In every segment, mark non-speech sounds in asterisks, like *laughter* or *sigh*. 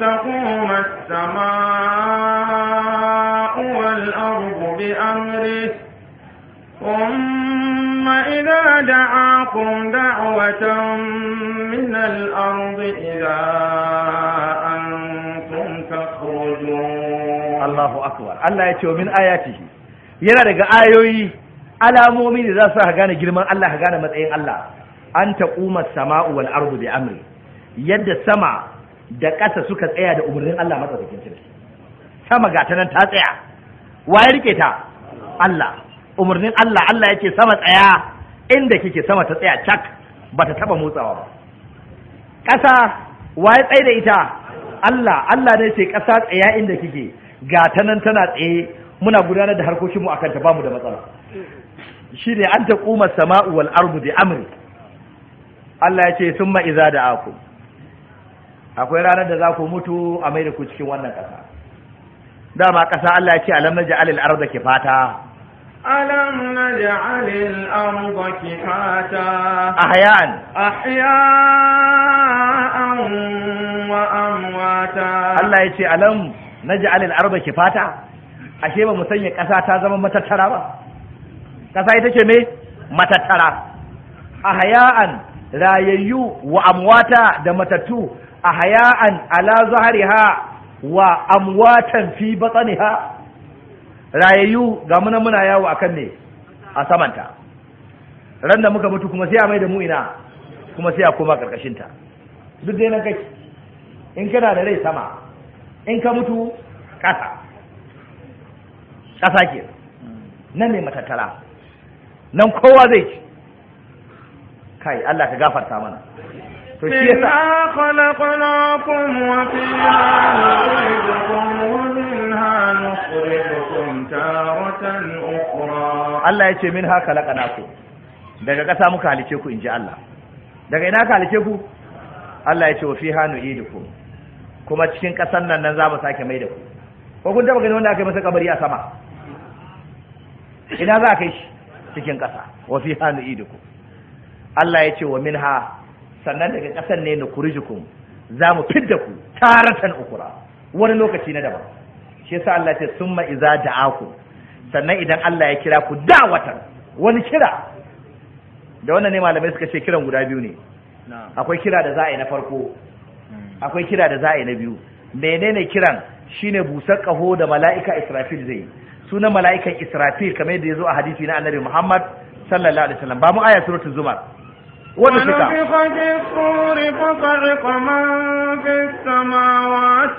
تقوم السماء والأرض بأمره ثم إذا دعاكم دعوة من الأرض إذا أنتم تخرجون الله أكبر الله يتوى من آياته yana daga ayoyi alamomi da za su ha gane girman Allah ha gane matsayin Allah an taquma sama'u wal bi amri yadda sama da ƙasa suka tsaya da umarnin Allah matsaukakin sarki sama ga nan ta tsaya wa ya rike ta Allah umarnin Allah Allah yake sama tsaya inda kike sama ta tsaya cak bata taba motsawa ba ƙasa wa ya tsaye da ita Allah Allah ne ce ƙasa tsaya inda kike ga ta nan tana tsaye muna gudanar da harkokin mu akan ta bamu da matsala Shi ne an taquma sama'u wal ardu bi amri Allah ya ce ma'iza da da'akum akwai ranar da za ku mutu a mai da ku cikin wannan ƙasa dama ƙasa Allah ya ce alam na naj'al da ke kifata alam na naj'al al-ard A ahyan ahya'an wa amwata Allah ya ce alam na naj'al da ke kifata ashe ba mu sanya ƙasa ta zama matattara ba ƙasa ita ce me matattara ahya'an rayayyu wa amwata da matattu ahya'an ala zahariha wa amwatan fi batniha rayayu ga muna muna yawo akan ne a samanta ran da muka mutu kuma sai a mai da mu ina kuma sai a koma karkashin ta duk dai na kai in kana da rai sama in ka mutu kasa kasa ke nan ne matattara nan kowa zai ci kai Allah ka gafarta mana to shi yasa khalaqnakum wa fiha nu'idukum wa minha nukhrijukum taratan ukhra Allah yace haka khalaqnakum daga ƙasa muka halice ku inji Allah daga ina ka halice ku Allah yace wa fiha nu'idukum kuma cikin ƙasan nan nan za mu sake mai da ku ko kun taba gani wanda aka yi masa kabari a sama ina za ka yi shi cikin ƙasa wa fiha nu'idukum Allah ya ce wa minha sannan daga ƙasan ne na kurijikun za mu fidda ku taratan ukura wani lokaci na daban shi sa Allah ya ce summa iza aku sannan idan Allah ya kira ku da watan wani kira da wannan ne malamai suka ce kiran guda biyu ne akwai kira da za a yi na farko akwai kira da za a yi na biyu menene kiran shine busar kaho da mala'ika Israfil zai sunan mala'ikan Israfil kamar yadda ya zo a hadisi na Annabi Muhammad sallallahu alaihi wasallam ba mu aya suratul zumar wata shika. Wani fage ta iga Allah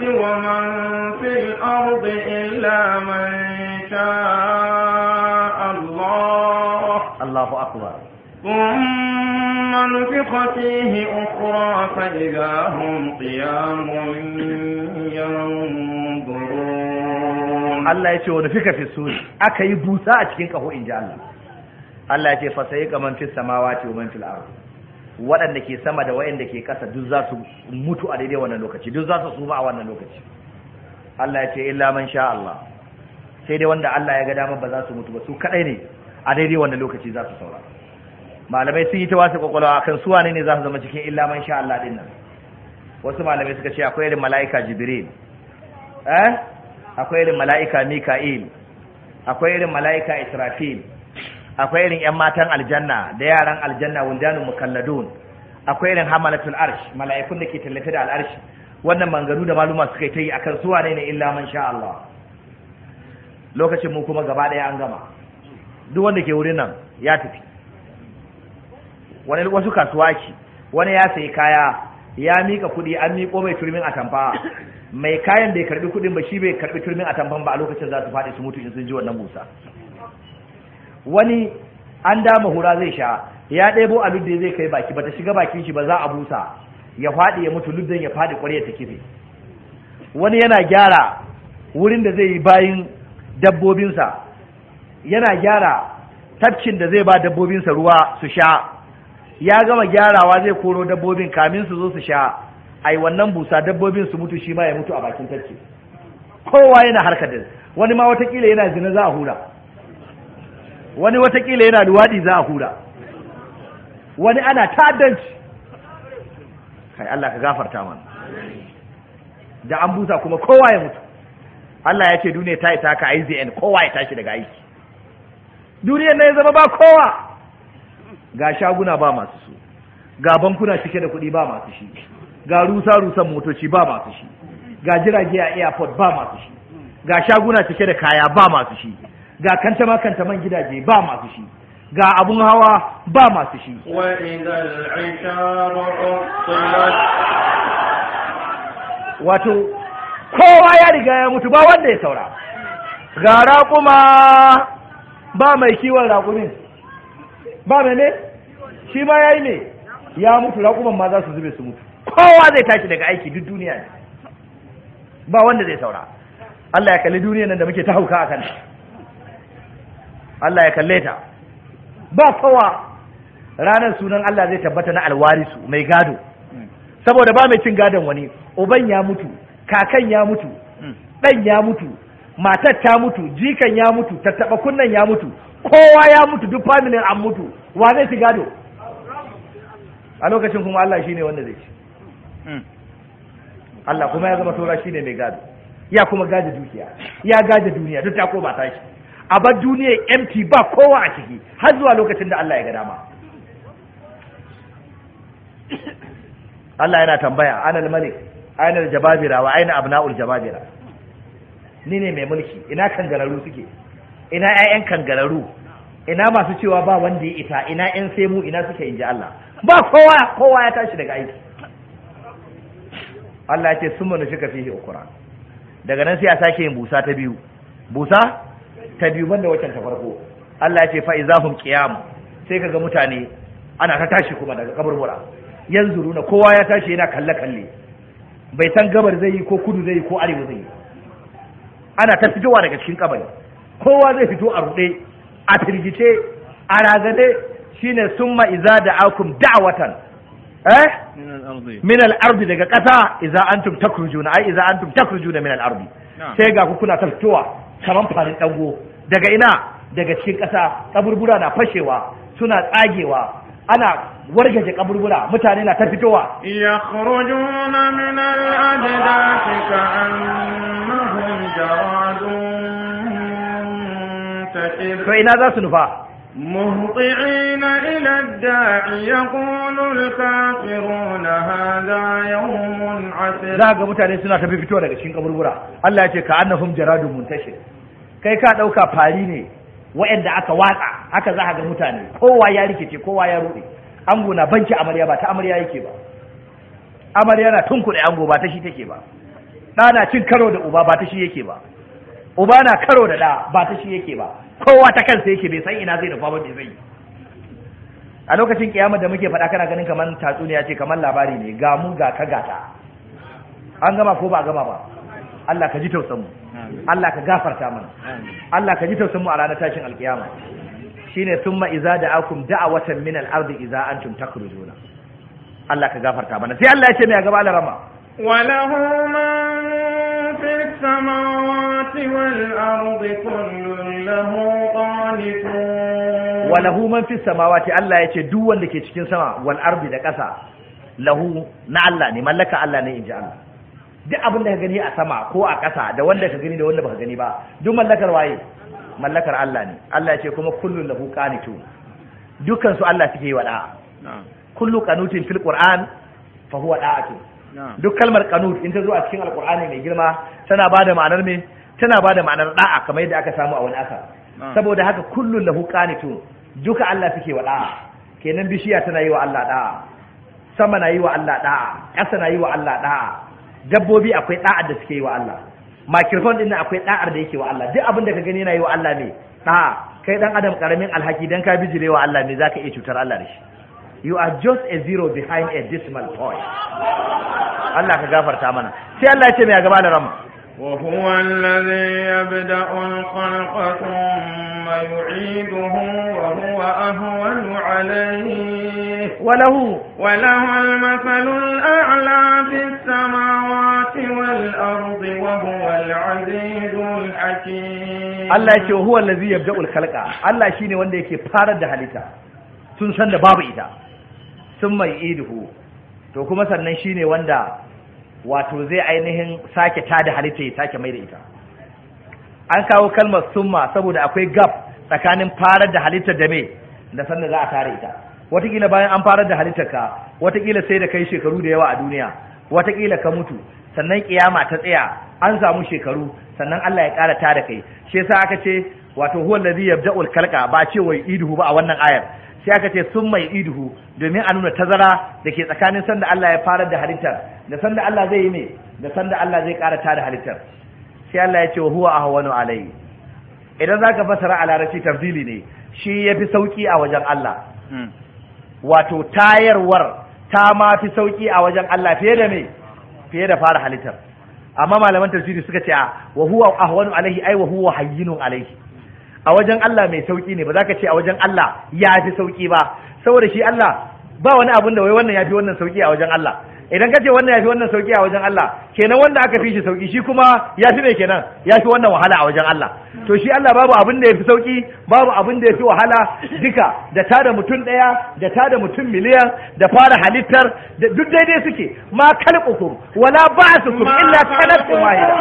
ya ce wani fika fi su aka yi busa a cikin ƙaho in ji Allah. Allah ya ce fasa yi kamar fi samawa ce wa man waɗanda ke sama da waɗanda ke ƙasa duk za su mutu a daidai wannan lokaci duk za su suma a wannan lokaci Allah ya ce illa man sha Allah sai dai wanda Allah ya ga dama ba za su mutu ba su kadai ne a daidai wannan lokaci za su saura malamai sun yi ta wasu kwakwalwa akan su wane ne za su zama cikin illa man sha Allah din nan wasu malamai suka ce akwai irin mala'ika Jibril eh akwai irin mala'ika Mika'il akwai irin mala'ika Israfil akwai irin yan matan aljanna da yaran aljanna mu mukalladun akwai irin hamalatul arsh mala'ikun da ke tallata da al'arsh wannan manganu da maluma suka yi ta yi akan su wane ne illa man sha Allah lokacin mu kuma gaba ɗaya an gama duk wanda ke wurin nan ya tafi wani wasu kasuwa ce wani ya sayi kaya ya mika kuɗi an miko mai turmin atamfa mai kayan bai karbi kuɗin ba shi bai karbi turmin atamfan ba a lokacin za su faɗi su mutu in sun ji wannan busa wani an dama hura zai sha ya ɗebo abin da zai kai baki bata shiga bakin shi ba za a busa ya faɗi ya mutu luddan ya faɗi ƙwarya ta kife wani yana gyara wurin da zai yi bayin dabbobinsa yana gyara tafkin da zai ba dabbobinsa ruwa su sha ya gama gyarawa zai koro dabbobin kamin su zo su sha ai wannan busa dabbobin su mutu shi ma ya mutu a bakin tafki kowa yana harkar wani ma watakila yana zina za a hura wani watakila yana luwaɗi za a hura wani ana ta'addanci kai Allah ka gafarta mana da an busa kuma kowa ya mutu Allah ya ce duniya ta yi taka IZN kowa ya tashi daga aiki Duniya na ya zama ba kowa ga shaguna ba masu su ga bankuna cike da kuɗi ba masu shi ga rusa-rusan motoci ba masu shi ga jirage a airport ba masu shi ga shaguna cike da kaya ba masu shi ga kanta ma kanta man gidaje ba masu shi ga abun hawa ba masu shi wato kowa ya riga ya mutu ba wanda ya saura ga raƙuma ba mai kiwon raƙumin ba mai ne shi ma ya yi ne ya mutu raƙuman ma za su zube su mutu kowa zai tashi daga aiki duk duniya ne ba wanda zai saura Allah ya kalli duniya nan da muke ta hauka a kanta Allah ya kalle ta ba kowa ranar sunan Allah zai tabbata na alwarisu mai gado saboda ba mai cin gadon wani uban ya mutu kakan ya mutu dan ya mutu matar ta mutu jikan ya mutu tattaba kunnan ya mutu kowa ya mutu duk familin an mutu wa zai ci gado a lokacin kuma Allah shine wanda zai ci Allah kuma ya zama tora shine mai gado ya kuma gaje dukiya ya gaje duniya duk ta ko ba ta shi a bar duniyar empty ba kowa a ciki har zuwa lokacin da Allah ya ga dama Allah yana tambaya anal malik ainal jababira wa aina abna'ul jababira ni ne mai mulki ina kangararru suke ina 'ya'yan kangararru ina masu cewa ba wanda ya ita ina 'yan sai mu ina suke inji Allah ba kowa kowa ya tashi daga aiki Allah ya ce sun shi suka fihi ukura daga nan sai a sake yin busa ta biyu busa ta biyu banda waccan ta farko Allah ya ce fa izahum qiyam sai kaga mutane ana ta tashi kuma daga yanzu runa kowa ya tashi yana kalle kalle bai san gabar zai yi ko kudu zai yi ko arewa zai yi ana ta fitowa daga cikin kabari kowa zai fito a ruɗe a firgice a ragade, shine summa iza da akum da'watan eh min al-ardi daga kasa iza antum takrujuna ai iza antum takrujuna min al-ardi sai ga ku kuna ta fitowa kamar farin ɗango daga ina daga cikin ƙasa kaburbura na fashewa suna tsagewa ana wargaje kaburbura mutane na ta fitowa yakhrujuna min al-ajdati ka'annahum jaradun to ina za su nufa مهطعين إلى الداعي يقول الكافرون هذا يوم عسر ذاك mutane suna tafi fito daga cikin kaburbura Allah ya ce ka annahum jaradun muntashir kai ka ɗauka fari ne wa'anda aka watsa haka za a ga mutane kowa ya rikice kowa ya rude ango na banki amarya ba ta amarya yake ba amarya na tunkuɗe ango ba ta shi take ba ɗa na cin karo da uba ba ta shi yake ba uba na karo da ɗa ba ta shi yake ba kowa ta kansa yake bai san ina zai nufa ba bai zai a lokacin kiyama da muke faɗa kana ganin kamar tatsuniya ce kamar labari ne ga mu ga ka gata an gama ko ba gama ba Allah ka ji tausan mu Allah ka gafarta mana Allah ka ji tausan mu a ranar tashin alkiyama shine summa iza da'akum da'awatan min al-ardi iza antum takhrujuna Allah ka gafarta mana sai Allah ya ce mai gaba rama وله من في السماوات والأرض كل له قانتون وله من في السماوات الله يتي دول لكي تشكين سما والأرض لكسا له نعلا نملك الله نيجي الله duk abin da ka gani a sama ko a ƙasa da wanda ka gani da wanda baka gani ba duk mallakar waye mallakar Allah ne Allah ya ce kuma kullu lahu qanitu dukkan su Allah suke yi wa da'a kullu qanutin fil qur'an fa huwa da'atu duk kalmar kanut in ta zo a cikin alkur'ani mai girma tana bada ma'anar me tana da ma'anar da'a kamar yadda aka samu a wani asa saboda haka kullun lahu qanitun duka Allah suke wa da'a kenan bishiya tana yi wa Allah da'a sama na yi wa Allah da'a ƙasa na yi wa Allah da'a dabbobi akwai da'ar da suke yi wa Allah makirfon din akwai da'ar da yake wa Allah duk abin da ka gani yana yi wa Allah ne da'a kai dan adam karamin alhaki dan ka bijire wa Allah ne zaka iya cutar Allah da shi you are just a zero behind a decimal point Allah ka gafarta mana sai Allah ya ce mai gaba da rama وهو الذي يبدأ الخلق ثم يعيده وهو أهون عليه وله وله المثل الأعلى في السماوات والأرض وهو العزيز الحكيم الله يشي هو الذي يبدأ الخلق الله شيني وانده يكي فارد هلتا تنسان babu إذا sun mai iduhu to kuma sannan shine wanda wato zai ainihin sake tada halitta ya sake mai da ita an kawo kalmar summa saboda akwai gap tsakanin farar da halitta da me da sannan za a tare ita watakila bayan an farar da halittar ka watakila sai da kai shekaru da yawa a duniya watakila ka mutu sannan kiyama ta tsaya an samu shekaru sannan Allah ya kara tada kai shi yasa aka ce wato huwa allazi yabda'ul khalqa ba ce wai iduhu ba a wannan ayar sai aka ce sun mai iduhu domin a nuna tazara da ke tsakanin sanda Allah ya fara da halittar da sanda Allah zai yi ne da sanda Allah zai karata da halittar sai Allah ya ce wa huwa ahwanu alai idan zaka fasara a larabci tafdili ne shi ya fi sauki a wajen Allah hmm. wato tayarwar ta ma fi sauki a wajen Allah fiye da me fiye da fara halittar amma malaman tafsiri suka ce a wa huwa ahwanu alaihi ai wa huwa hayyinun alayhi a wajen Allah mai sauki ne ba za ka ce a wajen Allah ya fi sauki ba saboda shi Allah ba wani abun da wai wannan ya fi wannan sauki a wajen Allah idan ka ce wannan ya fi wannan sauki a wajen Allah kenan wanda aka fi shi sauki shi kuma ya fi mai kenan ya fi wannan wahala a wajen Allah to shi Allah babu abin da ya fi sauki babu abun da ya fi wahala duka da tada mutum ɗaya da tada mutum miliyan da fara halittar da duk daidai suke ma kalqukum wala ba'thukum illa kanatun wahida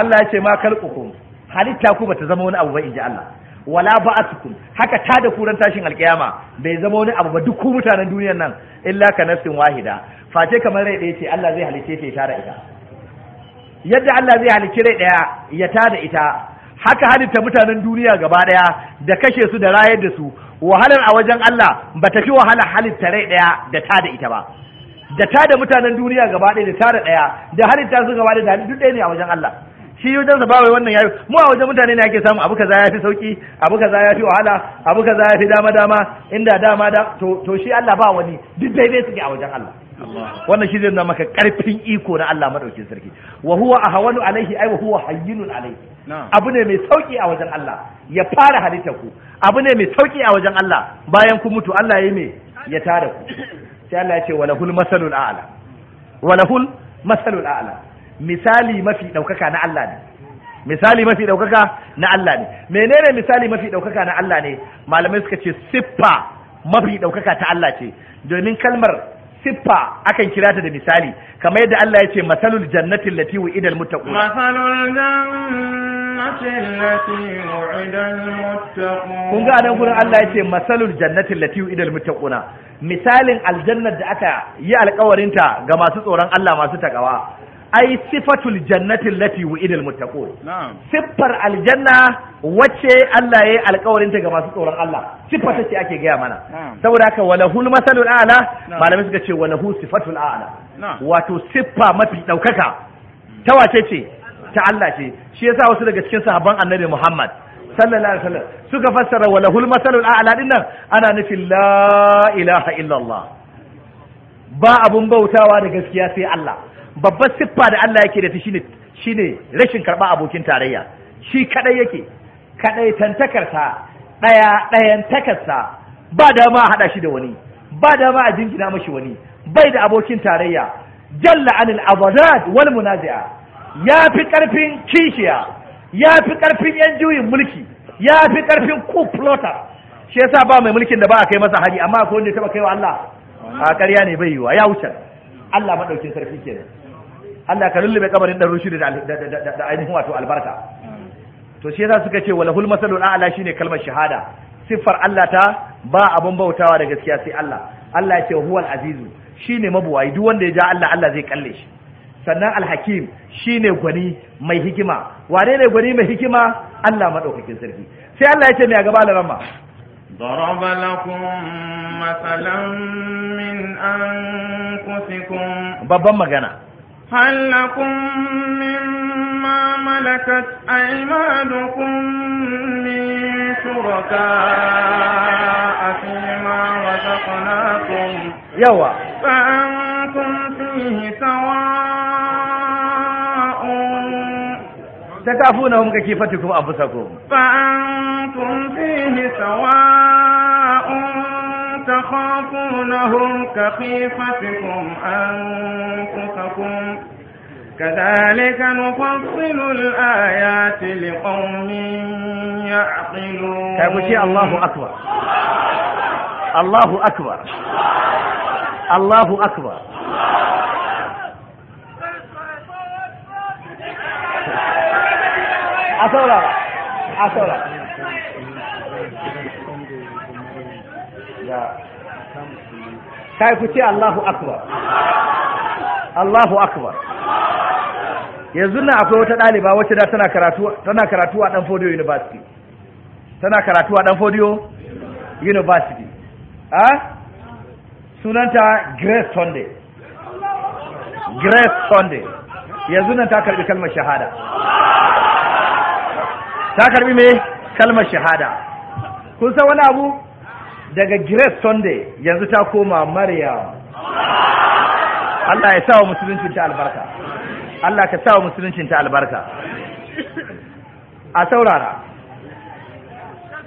Allah ya ce ma خلقكم halitta ku bata zama wani abu ba inji Allah wala ba'atukum haka ta da kuran tashin alkiyama bai zama wani abu ba duk ku mutanen duniyar nan illa ka nafsin wahida face kamar rai ɗaya ce Allah zai halice ta ya tara ita yadda Allah zai halici rai ɗaya ya tada ita haka halitta mutanen duniya gaba ɗaya da kashe su da rayar da su wahalar a wajen Allah ba tafi fi wahalar halitta rai ɗaya da tada ita ba da ta da mutanen duniya gaba ɗaya da tara ɗaya da ta su gaba ɗaya da duk ɗaya ne a wajen Allah shi wajen sa bawai wannan yayi mu a wajen mutane ne ake samu abu kaza yafi sauki abu kaza yafi wahala abu kaza yafi dama dama inda dama da to to shi Allah ba wani duk dai suke a wajen Allah wannan shi zai maka karfin iko na Allah madaukin sarki wa huwa ahwalu alaihi ai wa huwa hayyinun alaihi abu ne mai sauki a wajen Allah ya fara halitta ku abu ne mai sauki a wajen Allah bayan ku mutu Allah yayi me ya tare ku sai Allah ya ce walahul masalul a'la walahul masalul a'la misali mafi daukaka na Allah ne misali mafi daukaka na Allah ne menene misali mafi daukaka na Allah ne malamai suka ce siffa mafi daukaka ta Allah ce domin kalmar siffa akan kira ta da misali kamar yadda Allah ya ce masalul jannati allati wu'ida almuttaqun masalul jannati allati wu'ida almuttaqun kun ga nan gurin Allah ya ce masalul jannati allati wu'ida almuttaquna misalin aljannar da aka yi ta ga masu tsoron Allah masu takawa ai sifatul jannatin lati wu'idal muttaqun siffar aljanna wacce Allah yayi alƙawarin ta ga masu tsoron Allah siffar ce ake gaya mana saboda haka walahul masalul a'la malamai suka ce walahu sifatul a'la wato siffa mafi daukaka ta wace ce ta Allah ce shi yasa wasu daga cikin sahabban Annabi Muhammad sallallahu alaihi wasallam suka fassara walahul masalul a'la dinnan ana nufin la ilaha illallah ba abun bautawa da gaskiya sai Allah babbar siffa da Allah yake da ta shine shine rashin karba abokin tarayya shi kaɗai yake kadai tantakarsa daya Ɗayan takarsa ba dama a haɗa shi da wani ba da ma a jingina mashi wani bai da abokin tarayya jalla anil abadat wal munazi'a ya fi karfin kishiya ya fi karfin yan juyin mulki ya fi karfin ku shi yasa ba mai mulkin da ba a kai masa hari amma ko ne taba kaiwa Allah a ƙarya ne bai yiwa ya wuce Allah maɗaukin sarki kenan Allah ka lullube kabarin dan rushi da ainihin wato albarka to shi yasa suka ce walahul masalu a'la shine kalmar shahada siffar Allah ta ba abun bautawa da gaskiya sai Allah Allah ya ce huwal azizu shine mabuwayi duk wanda ya ja Allah Allah zai kalle shi sannan alhakim shine gwani mai hikima wane ne gwani mai hikima Allah madaukakin sarki sai Allah ya ce mai gaba da ramma ضرب لكم مثلا من أنفسكم babban magana هل لكم مما ملكت أيمانكم من شركاء فيما رزقناكم يوا فأنتم فيه سواء تكافونهم ككيفتكم أنفسكم فأنتم فيه سواء تخافونهم كخيفتكم أنفسكم كذلك نفصل الآيات لقوم يعقلون كابوشي الله أكبر الله أكبر الله أكبر الله أكبر da kai ku ce Allahu akbar Allahu akbar yanzu na akwai wata ɗaliba wacce da tana karatu tana karatu a Danfodiyo University tana karatu a Danfodiyo University ha sunanta Grace Sunday Grace Sunday yanzu nan ta karbi kalmar shahada ta karbi me kalmar shahada kun san wani abu daga Grace Sunday yanzu ta koma Maryam Allah ya sa wa musuluncin ta albarka Allah ka sa wa musuluncin ta albarka a saurara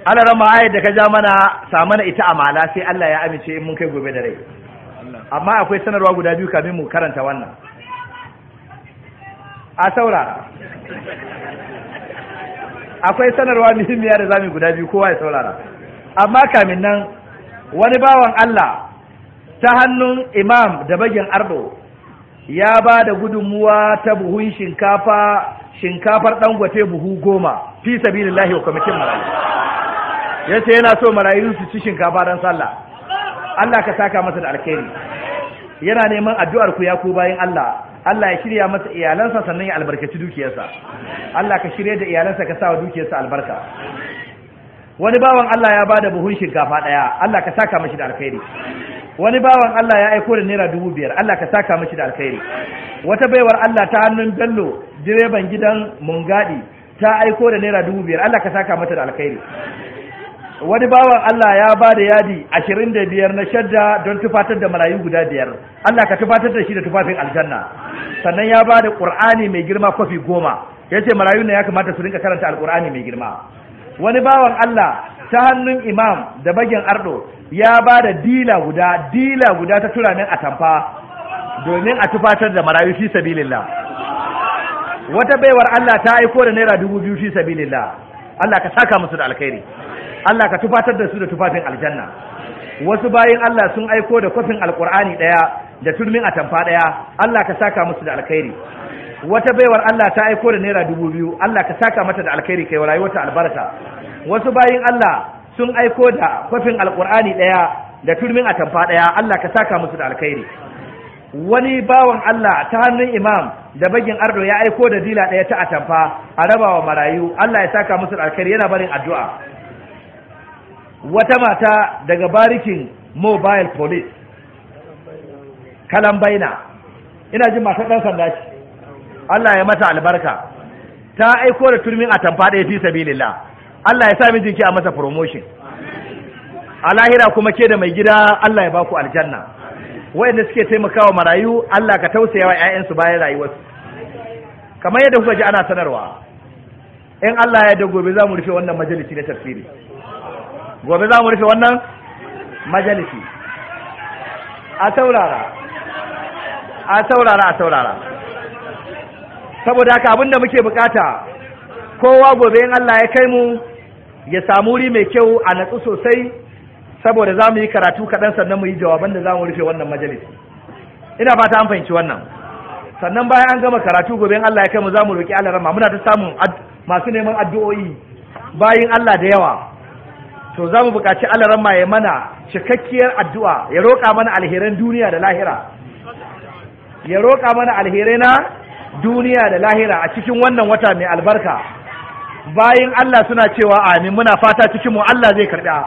ana rama ayar da ka ja mana sama ita ita mala, sai Allah ya amince in mun kai gobe da rai amma akwai sanarwa guda biyu kamin mu karanta wannan a saurara akwai sanarwa muhimmiya da mu guda biyu kowa ya saurara amma kamin nan wani bawan Allah ta hannun imam da bagin ardo ya ba da gudunmuwa ta buhun shinkafa shinkafar dangote buhu goma fi sabilillahi wa kwamitin marayu ya ce yana so marayu su ci shinkafa don sallah Allah ka saka masa da alkhairi yana neman addu'ar ku ya ku bayan Allah Allah ya shirya masa iyalansa sannan ya albarkaci dukiyarsa Allah ka shirya da iyalansa ka sa wa dukiyarsa albarka wani bawan Allah ya bada buhun shinkafa ɗaya, Allah ka saka mashi da alkhairi wani bawan Allah ya aiko da naira dubu biyar Allah ka saka mashi da alkhairi wata baiwar Allah ta hannun Bello direban gidan Mungadi ta aiko da naira dubu biyar Allah ka saka mata da alkhairi wani bawan Allah ya ba da yadi ashirin da biyar na shadda don tufatar da marayu guda biyar Allah ka tufatar da shi da tufafin aljanna sannan ya ba da ƙur'ani mai girma kwafi goma ya ce marayu ne ya kamata su rinka karanta alƙur'ani mai girma wani bawan Allah ta hannun imam da bagin ardo ya ba da dila guda dila guda ta turamin atamfa domin a tufatar da marayu fi sabilillah wata baiwar Allah ta aiko da naira dubu biyu fi sabilillah Allah ka saka musu da alkhairi Allah ka tufatar da su da tufafin aljanna wasu bayin Allah sun aiko da kofin alkur'ani daya da turmin atamfa daya Allah ka saka musu da alkhairi wata baiwar Allah ta aiko da naira dubu biyu Allah ka saka mata da alkhairi kai rayuwarta albarka wasu bayin Allah sun aiko da kwafin alkur'ani ɗaya da turmin atamfa ɗaya Allah ka saka musu da alkhairi wani bawan Allah ta hannun imam da bagin ardo ya aiko da dila ɗaya ta atamfa a rabawa marayu Allah ya saka musu da alkhairi yana barin addu'a wata mata daga barikin mobile police kalambaina ina jin masu dan sanda ce Allah ya mata albarka ta aiko da turmin a tamfa ɗaya fi sabilillah Allah ya sa ki a masa promotion a lahira kuma ke da mai gida Allah ya ba ku aljanna wayanda suke taimakawa marayu Allah ka tausaya wa ƴaƴansu bayan rayuwarsu kamar yadda kuka ji ana sanarwa in Allah ya yarda gobe za mu rufe wannan majalisi na tafsiri gobe za mu rufe wannan majalisi a saurara a saurara a saurara saboda haka abin da muke bukata kowa gobe in Allah ya kai mu ya samu wuri mai kyau a natsu sosai saboda za mu yi karatu kaɗan sannan mu yi jawaban da za mu rufe wannan majalis ina fata an fahimci wannan sannan bayan an gama karatu gobe in Allah ya kai mu za mu roƙi Allah muna ta samun masu neman addu'o'i bayin Allah da yawa to za mu buƙaci Allah rama ya mana cikakkiyar addu'a ya roƙa mana alheran duniya da lahira ya roƙa mana alherai na duniya da lahira a cikin wannan wata mai albarka bayan Allah suna cewa amin muna fata cikin mu Allah zai karɓa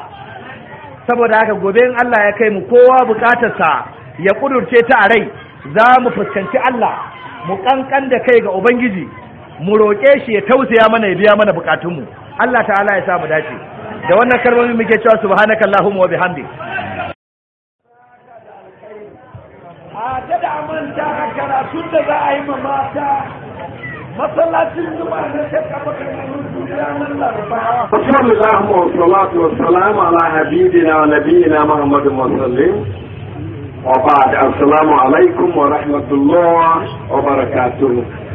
saboda haka gobe in Allah ya kai mu kowa bukatarsa ya ƙudurce ta a rai za mu fuskanci Allah mu ƙanƙan da kai ga ubangiji mu roƙe shi ya tausaya mana ya biya mana bukatunmu Allah ta'ala ya sa mu dace da wannan kalmomi muke cewa subhanakallahumma wa bihamdik a manta a karatun da za a yi ma mata masallacin zuba na shakka makarantun ranar laraba. Alhamdulillah wa salatu wa salamu ala habibina wa nabiyina Muhammadu Musallim. Wa ba'd assalamu alaikum wa rahmatullah wa barakatuh.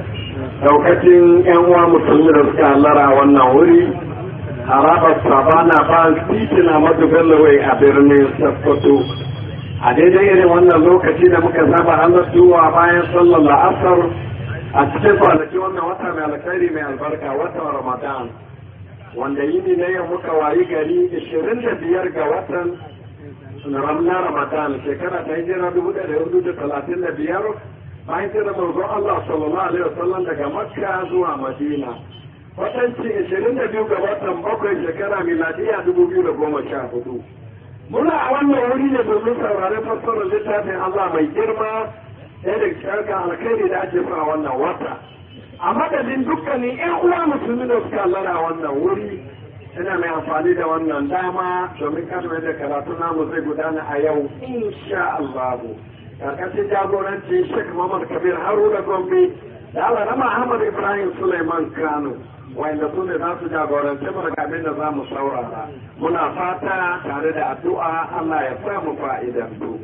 Daukacin ‘yan uwa musulmi da suka halara wannan wuri harabar sabana ba titina madubin lawai a birnin Sokoto. a daidai irin wannan lokaci da muka zaba halartuwa bayan sallar la'asar a cikin kwanaki wannan wata mai alkhairi mai albarka watan ramadan wanda yini na yau muka wayi gari 25 ga watan na ramadan shekara ta hijira biyar bayan jira mazo Allah sallallahu alaihi wasallam daga makka zuwa madina watanci 22 ga watan bakwai shekara miladiya 2014 muna a wannan wuri ne domin saurare fassarar littafin Allah mai girma ɗaya da cikin alkhairi da ake sa wannan wata a madadin dukkanin ƴan uwa musulmi da suka lara wannan wuri ina mai amfani da wannan dama domin kasar da karatu namu zai gudana a yau insha Allah karkashin jagoranci Sheikh Muhammad Kabir Haruna Gombe da Allah Ahmad Ibrahim Suleiman Kano wanda su ne za su jagorance mu daga abin da za mu saurara muna fata tare da addu'a Allah ya samu mu fa'idantu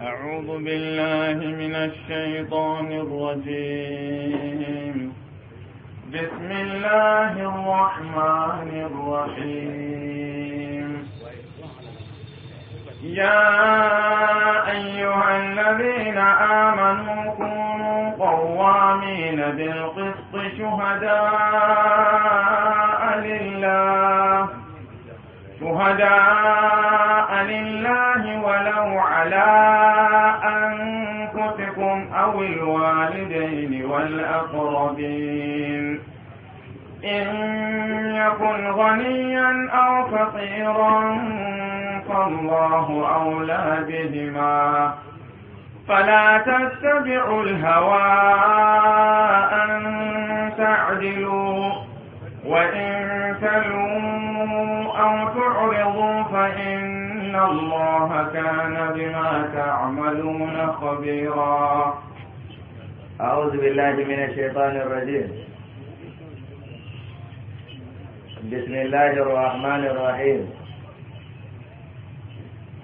أعوذ بالله من الشيطان الرجيم بسم الله الرحمن الرحيم يا أيها الذين آمنوا كونوا قوامين بالقسط شهداء لله شهداء لله ولو على أنفسكم أو الوالدين والأقربين إن يكن غنيا أو فقيرا فالله أولى بهما فلا تتبعوا الهوى أن تعدلوا وإن تلوا أو تعرضوا فإن الله كان بما تعملون خبيرا أعوذ بالله من الشيطان الرجيم بسم الله الرحمن الرحيم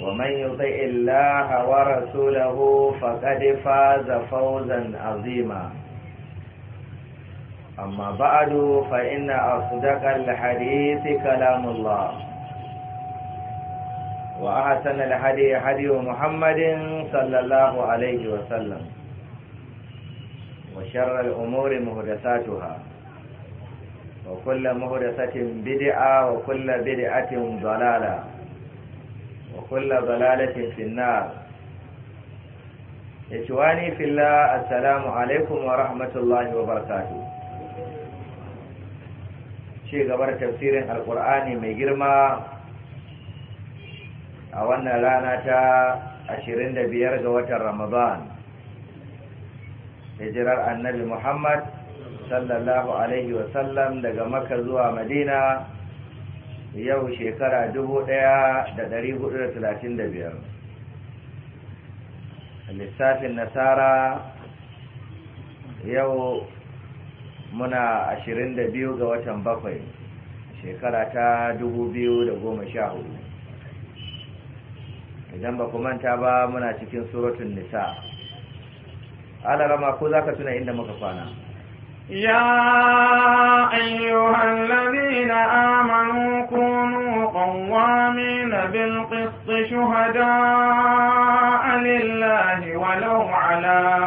ومن يطع الله ورسوله فقد فاز فوزا عظيما أما بعد فإن أصدق الحديث كلام الله وأحسن الحديث حديث محمد صلى الله عليه وسلم وشر الأمور مهدساتها وكل مهدسة بدعة وكل بدعة ضلالة kulla zalalatin finna. ya ci wani filla assalamu alaikum wa rahmatullahi wa barakatu ce gabar tafsirin alkur'ani mai girma a wannan rana ta ashirin da biyar ga watan ramadan hijirar annabi muhammad sallallahu alaihi wasallam daga maka zuwa madina yau shekara dubu ɗaya da da talatin da biyar. lissafin nasara yau muna ashirin da biyu ga watan bakwai shekara ta dubu biyu da goma sha hudu. idan ba manta ba muna cikin suratun nisa alarama ko za ka tuna inda muka kwana يا أيها الذين آمنوا كونوا قوامين بالقسط شهداء لله ولو على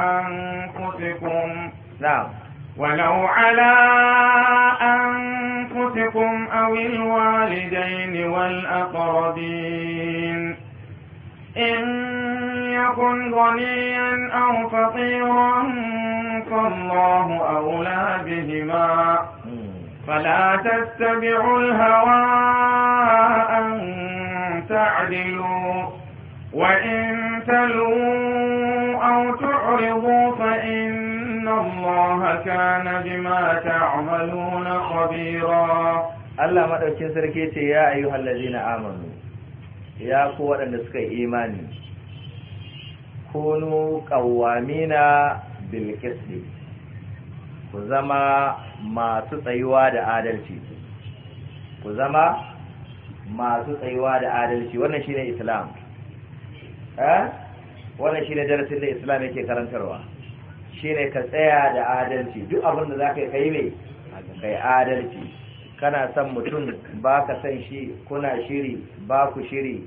أنفسكم لا نعم. ولو على أنفسكم أو الوالدين والأقربين إن يكن غنيا أو فقيرا فالله أولى بهما فلا تتبعوا الهوى أن تعدلوا وإن تلووا أو تعرضوا فإن الله كان بما تعملون خبيرا Allah ما تكسر كيتي يا أيها الذين آمنوا يا قوة أن suka إيماني kunu qawwamina bil ku zama masu tsayuwa da adalci ku zama masu tsayuwa da adalci wannan shine islam eh wannan shine darasin da islam yake karantarwa shine ka tsaya da adalci duk abin da zaka kai ne kai adalci kana son mutum ba ka san shi kuna shiri ba ku shiri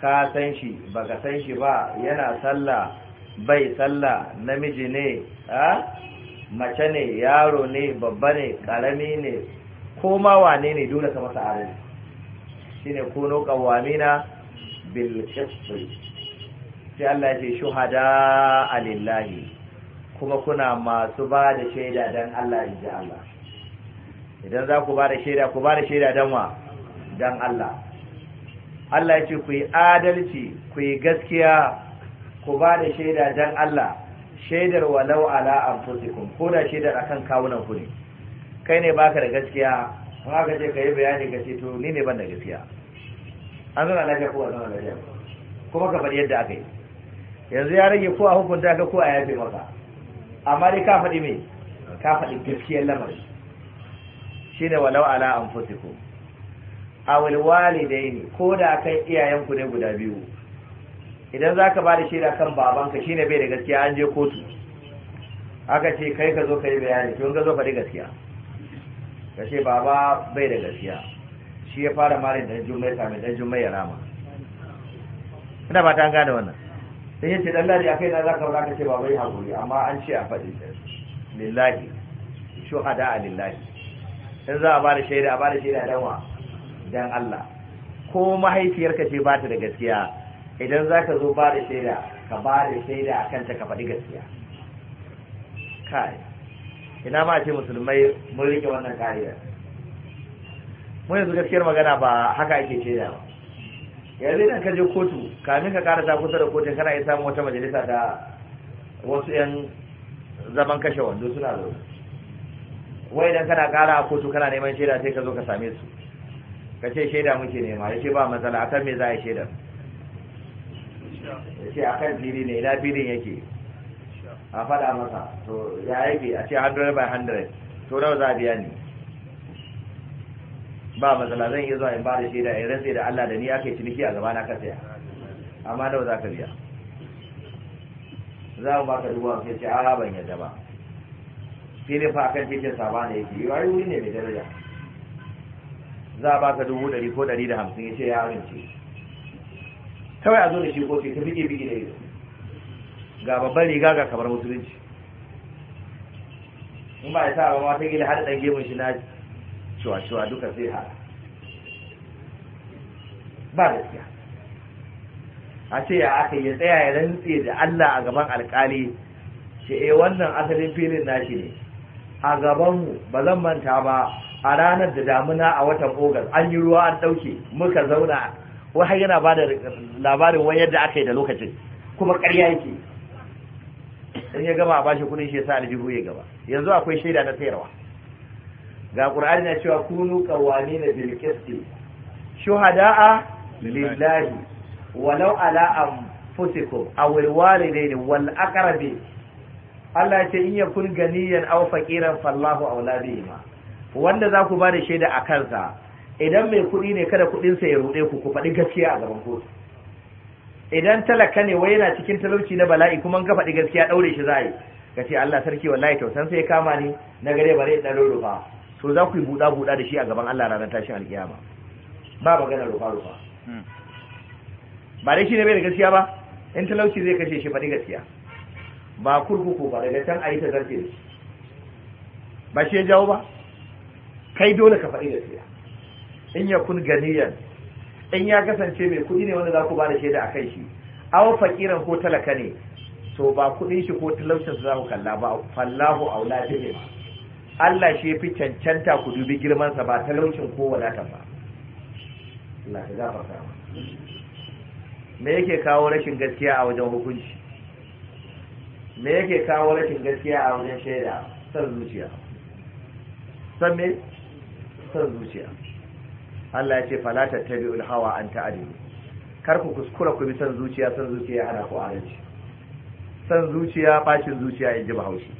ka san shi baka san shi ba yana sallah bai sallah namiji ne a mace ne yaro ne babba ne karami ne ko wane ne dole ka masa adalci shine kuno qawamina bil qist sai Allah ya ce shuhada alillahi kuma kuna masu ba da shaida dan Allah ji Allah idan za ku ba da shaida ku ba da shaida dan wa dan Allah Allah ya ce ku yi adalci ku yi gaskiya ku ba da shaida dan Allah shaidar walau ala anfusikum ko da shaidar akan kawunan ku ne kai ne baka da gaskiya in ka ce ka yi bayani ka ce to ni ne ban da gaskiya an zana lafiya ko a zana lafiya kuma ka faɗi yadda aka yi yanzu ya rage ko a hukunta ka ko a yafe maka amma dai ka faɗi me ka faɗi gaskiyar lamarin shine walau ala anfusikum awil walidaini ko da kai iyayenku ne guda biyu idan zaka bada shaida kan babanka shine bai da gaskiya an je kotu aka ce kai ka zo ka yi bayani to ka zo faɗi gaskiya ka ce baba bai da gaskiya shi ya fara marin da jummai kamin dan jummai ya rama ina ba ta gane wannan sai ya ce dan ladi akai na zaka ba ka ce baba ya hakuri amma an ce a faɗi lillahi shuhada lillahi in za a ba da shaida a ba da shaida dan wa dan Allah ko mahaifiyarka ce ba ta da gaskiya idan za ka zo ba da shaida ka ba da shaida a kanta ka faɗi gaskiya kai ina ma ce musulmai mun rike wannan kariyar mun yanzu gaskiyar magana ba haka ake shaida ba yanzu idan ka je kotu kamin ka karasa kusa da kotun kana iya samun wata majalisa ta wasu 'yan zaman kashe wando suna zo wai idan kana kara a kotu kana neman shaida sai ka zo ka same su ka ce shaida muke nema ya ce ba matsala akan me za a shaida ya ce akan fili ne ina filin yake a fada masa to ya yake a ce 100 by 100 to nawa za a biya ni ba matsala zan iya zuwa in ba da shaida in rantse da Allah da ni aka yi ciniki a gabana ka saya amma nawa za ka biya za mu baka dubu hamsin ce a ban yadda ba filin fa akan titin saba ne yake yi wuri ne mai daraja za a ka dubu dari ko dari da hamsin ya ce ya amince kawai a zo da shi ce ta bige bige da ido ga babban riga ga kamar musulunci in ba ya sa ba ma ta gida har ɗan gemun shi na cewa-cewa duka sai hara ba gaskiya a ce ya aka yi tsaya ya rantse da Allah a gaban alkali ce eh wannan asalin filin nashi ne a gabanmu ba zan manta ba a ranar da damuna a watan ogas an yi ruwa an ɗauke muka zauna wai yana ba da labarin wani yadda aka yi da lokacin kuma ƙarya yake in ya gama a bashi kuɗin shi ya sa aljihu ya gaba yanzu akwai shaida na sayarwa ga ƙur'ani na cewa kunu qawwami na bil qisti shuhada'a lillahi walau ala A aw al walidayni wal aqrabi Allah ya ce in yakun ganiyan aw faqiran fallahu awla bihima wanda za ku ba da shaida a kansa idan mai kuɗi ne kada kuɗinsa ya ruɗe ku ku faɗi gaskiya a gaban kotu idan talaka ne wai yana cikin talauci na bala'i kuma ka faɗi gaskiya ɗaure shi za a yi ka ce Allah sarki wallahi tausan sai kama ni na gare bare dan rufa to za ku yi buɗa buɗa da shi a gaban Allah ranar tashin alkiyama ba magana rufa rufa hmm. ba dai shi ne bai da gaskiya ba in talauci zai kashe shi faɗi gaskiya ba kurkuku ba daga can a yi ta zarce ba shi ya jawo ba kai dole ka faɗi gaskiya in ya kun ganiyan in ya kasance mai kuɗi ne wanda za ku ba da shaida a kai shi aw fakiran ko talaka ne to ba kuɗin shi ko talaucin su za ku kalla ba fallahu auladi ne Allah shi fi cancanta ku dubi girman sa ba talaucin ko wadata ba Allah ka gafarta me yake kawo rashin gaskiya a wajen hukunci me yake kawo rashin gaskiya a wajen shaida san zuciya san me son zuciya Allah ya ce falata tabi hawa an ta'adi. kar ku kuskura ku bi son zuciya son zuciya hana ku adalci son zuciya bacin zuciya in ji bahaushe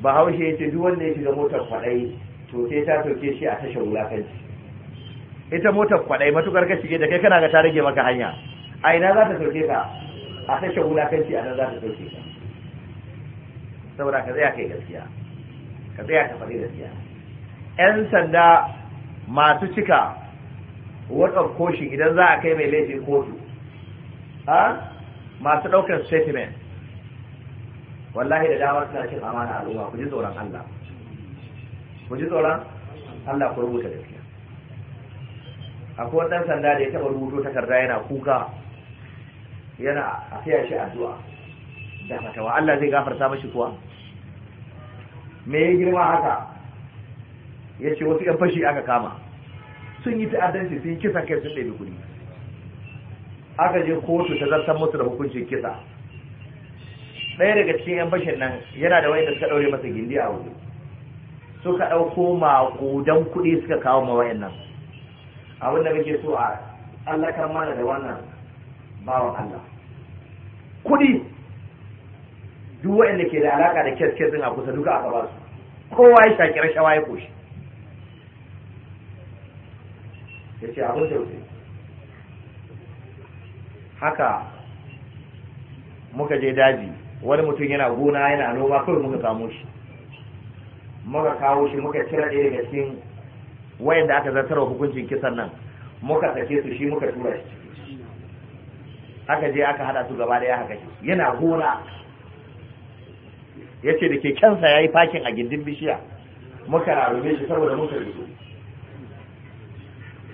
bahaushe ya ce duk wanda ya shiga motar kwaɗayi to sai ta soke shi a tashar wulakanci ita motar kwaɗayi matukar ka shige da kai kana ga ta rage maka hanya a ina za ta soke ka a tashar wulakanci a nan za ta soke ka saboda ka tsaya kai gaskiya ka tsaya ka faɗi gaskiya 'yan sanda masu cika wadar koshi idan za a kai mai laifin kotu a masu ɗaukar statement wallahi da damar suna cin amana al'umma ku ji tsoron Allah ku ji tsoron Allah ku rubuta gaskiya akwai ɗan sanda da ya taɓa rubuto takarda yana kuka yana a fiya shi addu'a da fatawa Allah zai gafarta mashi kuwa me ya girma haka ya ce wasu yan fashi aka kama sun yi ta'adansu sun kisa kai sun ɗabi kuɗi aka je kotu ta zartar musu da hukuncin kisa ɗaya daga cikin yan fashin nan yana da wayanda suka ɗaure masa gindi a wuri suka ɗauko maƙudan kuɗi suka kawo ma wayannan abin da kake so a Allah kan mana da wannan bawan Allah kuɗi duk da ke da alaka da kes kesin a kusa duka aka ba su kowa ya shaki rashawa ya koshi ya ce abin tausayi haka muka je daji wani mutum yana gona yana noma kawai muka kamo shi muka kawo shi muka cire ɗaya daga cikin da aka zartarwa hukuncin kisan nan muka sake su shi muka tura shi aka je aka hada su gaba daya haka shi yana gona ya ce da ke kansa ya yi fakin a gindin bishiya muka rarume shi saboda muka rubu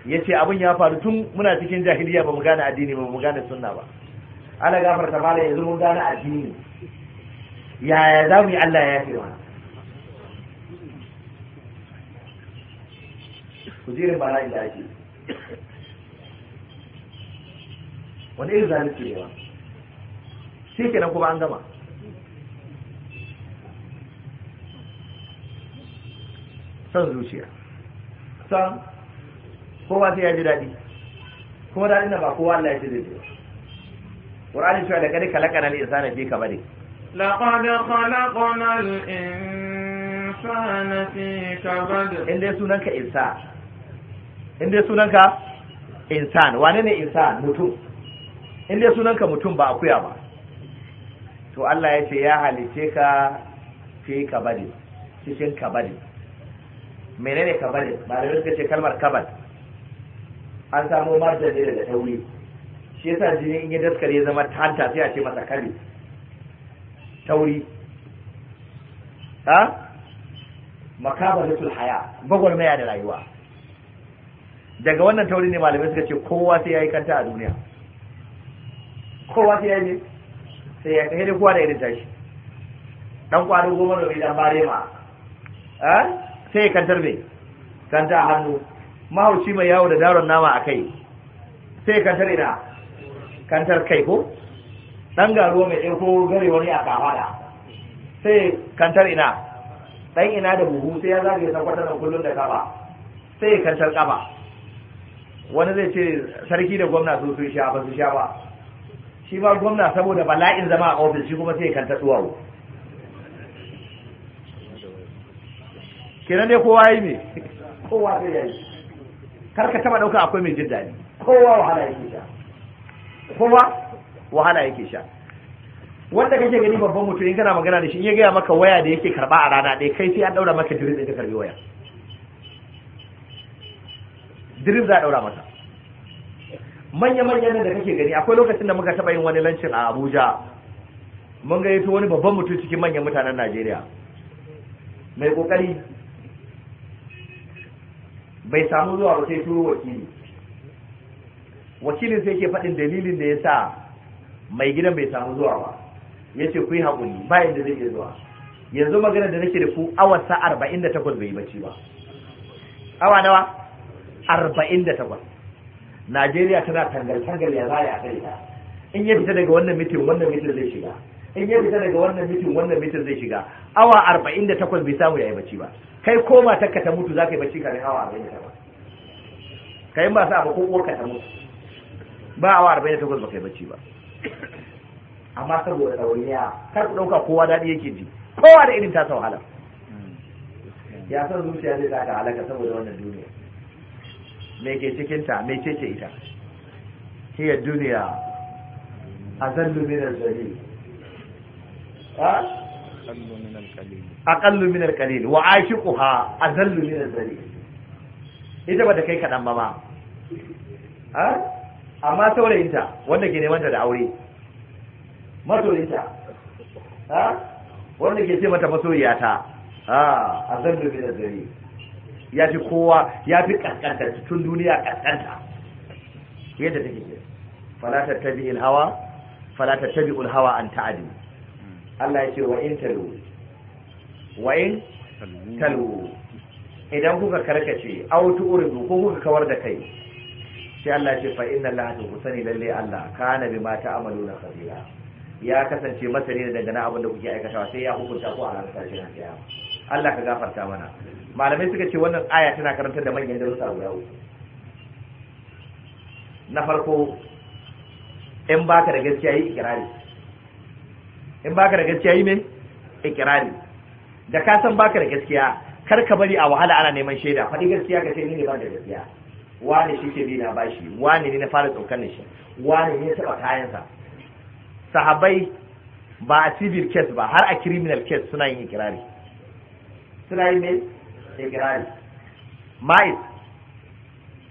Ya ce abin ya faru tun muna cikin jahiliya ba mu gane addini ba mu gane sunna ba ana gafarta mala yanzu mun gane addini yaya za mu yi Allah ya yafe mana ku ba na inda ake wani irin zalunci ne ba shi kenan kuma an gama son zuciya san kowa sai ya ji daɗi kuma daɗin da ba kowa Allah ya ji daɗi Qur'ani cewa da kadi kalakana al-insana fi kabari laqad khalaqna al-insana fi kabad in dai sunanka insa in dai sunanka insan wane ne insan mutum in dai sunanka mutum ba akuya ba to Allah ya ce ya halice ka fi kabari cikin kabari menene kabari ba da ce kalmar kabari an samo marjan ne daga tauri shi yasa jini in ya daskare ya zama hanta sai a ce masa kare tauri ha makabaratul haya gwagwarmaya da rayuwa daga wannan tauri ne malamai suka ce kowa sai ya yi kanta a duniya kowa sai ya yi sai ya kai da kowa da irin tashi dan kwaro goma da mai dan barema ma sai ya kantar me kanta a hannu mahauci mai yawo da daron nama a kai sai kantar ina kantar kai ko ɗan garuwa mai ko gare wani a kafada sai kantar ina ɗan ina da buhu sai ya zagaye san da kullum da kaba sai kantar kaba wani zai ce sarki da gwamna su sun sha ba su sha ba shi ma gwamna saboda bala'in zama a ofis shi kuma sai kantar tsuwawo kenan dai kowa yi ne *laughs* kowa sai ya yi kar ka taba dauka akwai mai jin daɗi kowa wahala yake sha kowa wahala yake sha wanda kake gani babban mutum in kana magana da shi in ya gaya maka waya da yake karba a rana ɗaya kai sai an daura maka dirin ka karbi waya dirin za a daura maka manya-manyan da kake gani akwai lokacin da muka taba yin wani lancin a Abuja mun ga yato wani babban mutum cikin manyan mutanen Najeriya mai kokari bai samu zuwa ba sai turo wakili wakilin sai ke faɗin dalilin da ya sa mai gidan bai samu zuwa ba ya ce ku yi haƙuri bayan da zai iya zuwa yanzu maganar da nake da ku awarsa sa arba'in da takwas bai bacci ba awa nawa arba'in da takwas najeriya tana tangal tangal ya zaya a kai ta. in ya fita daga wannan mitin wannan mitin zai shiga in ya fita daga wannan mitin wannan mitin zai shiga awa arba'in da takwas bai samu ya yi bacci ba kai ko takka ta mutu za ka yi bacci kare awa arba'in da takwas Ka yi masu abu ko uwarka ta mutu ba awa arba'in da takwas ba ka yi bacci ba amma saboda ɗawainiya kar ku ɗauka kowa daɗi yake ji kowa da irin tasa wahala ya san zuciya zai taka halaka saboda wannan duniya me ke cikinta me ce ce ita hiyar duniya a min az-zalil aqallu min al-qalil wa ashiquha a zallu minar zari. ita ba ta kai kaɗan ba ma amma saurayinta wanda ke neman ta da aure masoyinta wanda ke ce mata masoyiyata a zallu minar zari. ya fi kowa ya fi ƙasƙanta cikin duniya kaskanta yadda take fala tattabi'il hawa fala tattabi'ul hawa an ta'adi Allah ya ce wa in talu wa talu idan kuka karkace autu urdu ko kuka kawar da kai sai Allah ya ce fa inna Allah tu sani lalle Allah kana bima na khabira ya kasance masani da dangana abin da kuke aikatawa sai ya hukunta ku a ranar na kiyama Allah ka gafarta mana malamai suka ce wannan aya tana karantar da manyan darussa a uku na farko in baka da gaskiya yi ikirari in baka da gaskiya yi me ikirari da ka san baka da gaskiya kar ka bari a wahala ana neman shaida faɗi gaskiya ka ce ni ne ba da gaskiya wani shi ke bina bashi wani ne na fara tsokan shi wani ne taɓa kayansa sahabai ba a civil case ba har a criminal case suna yin ikirari suna yin ne ikirari ma'is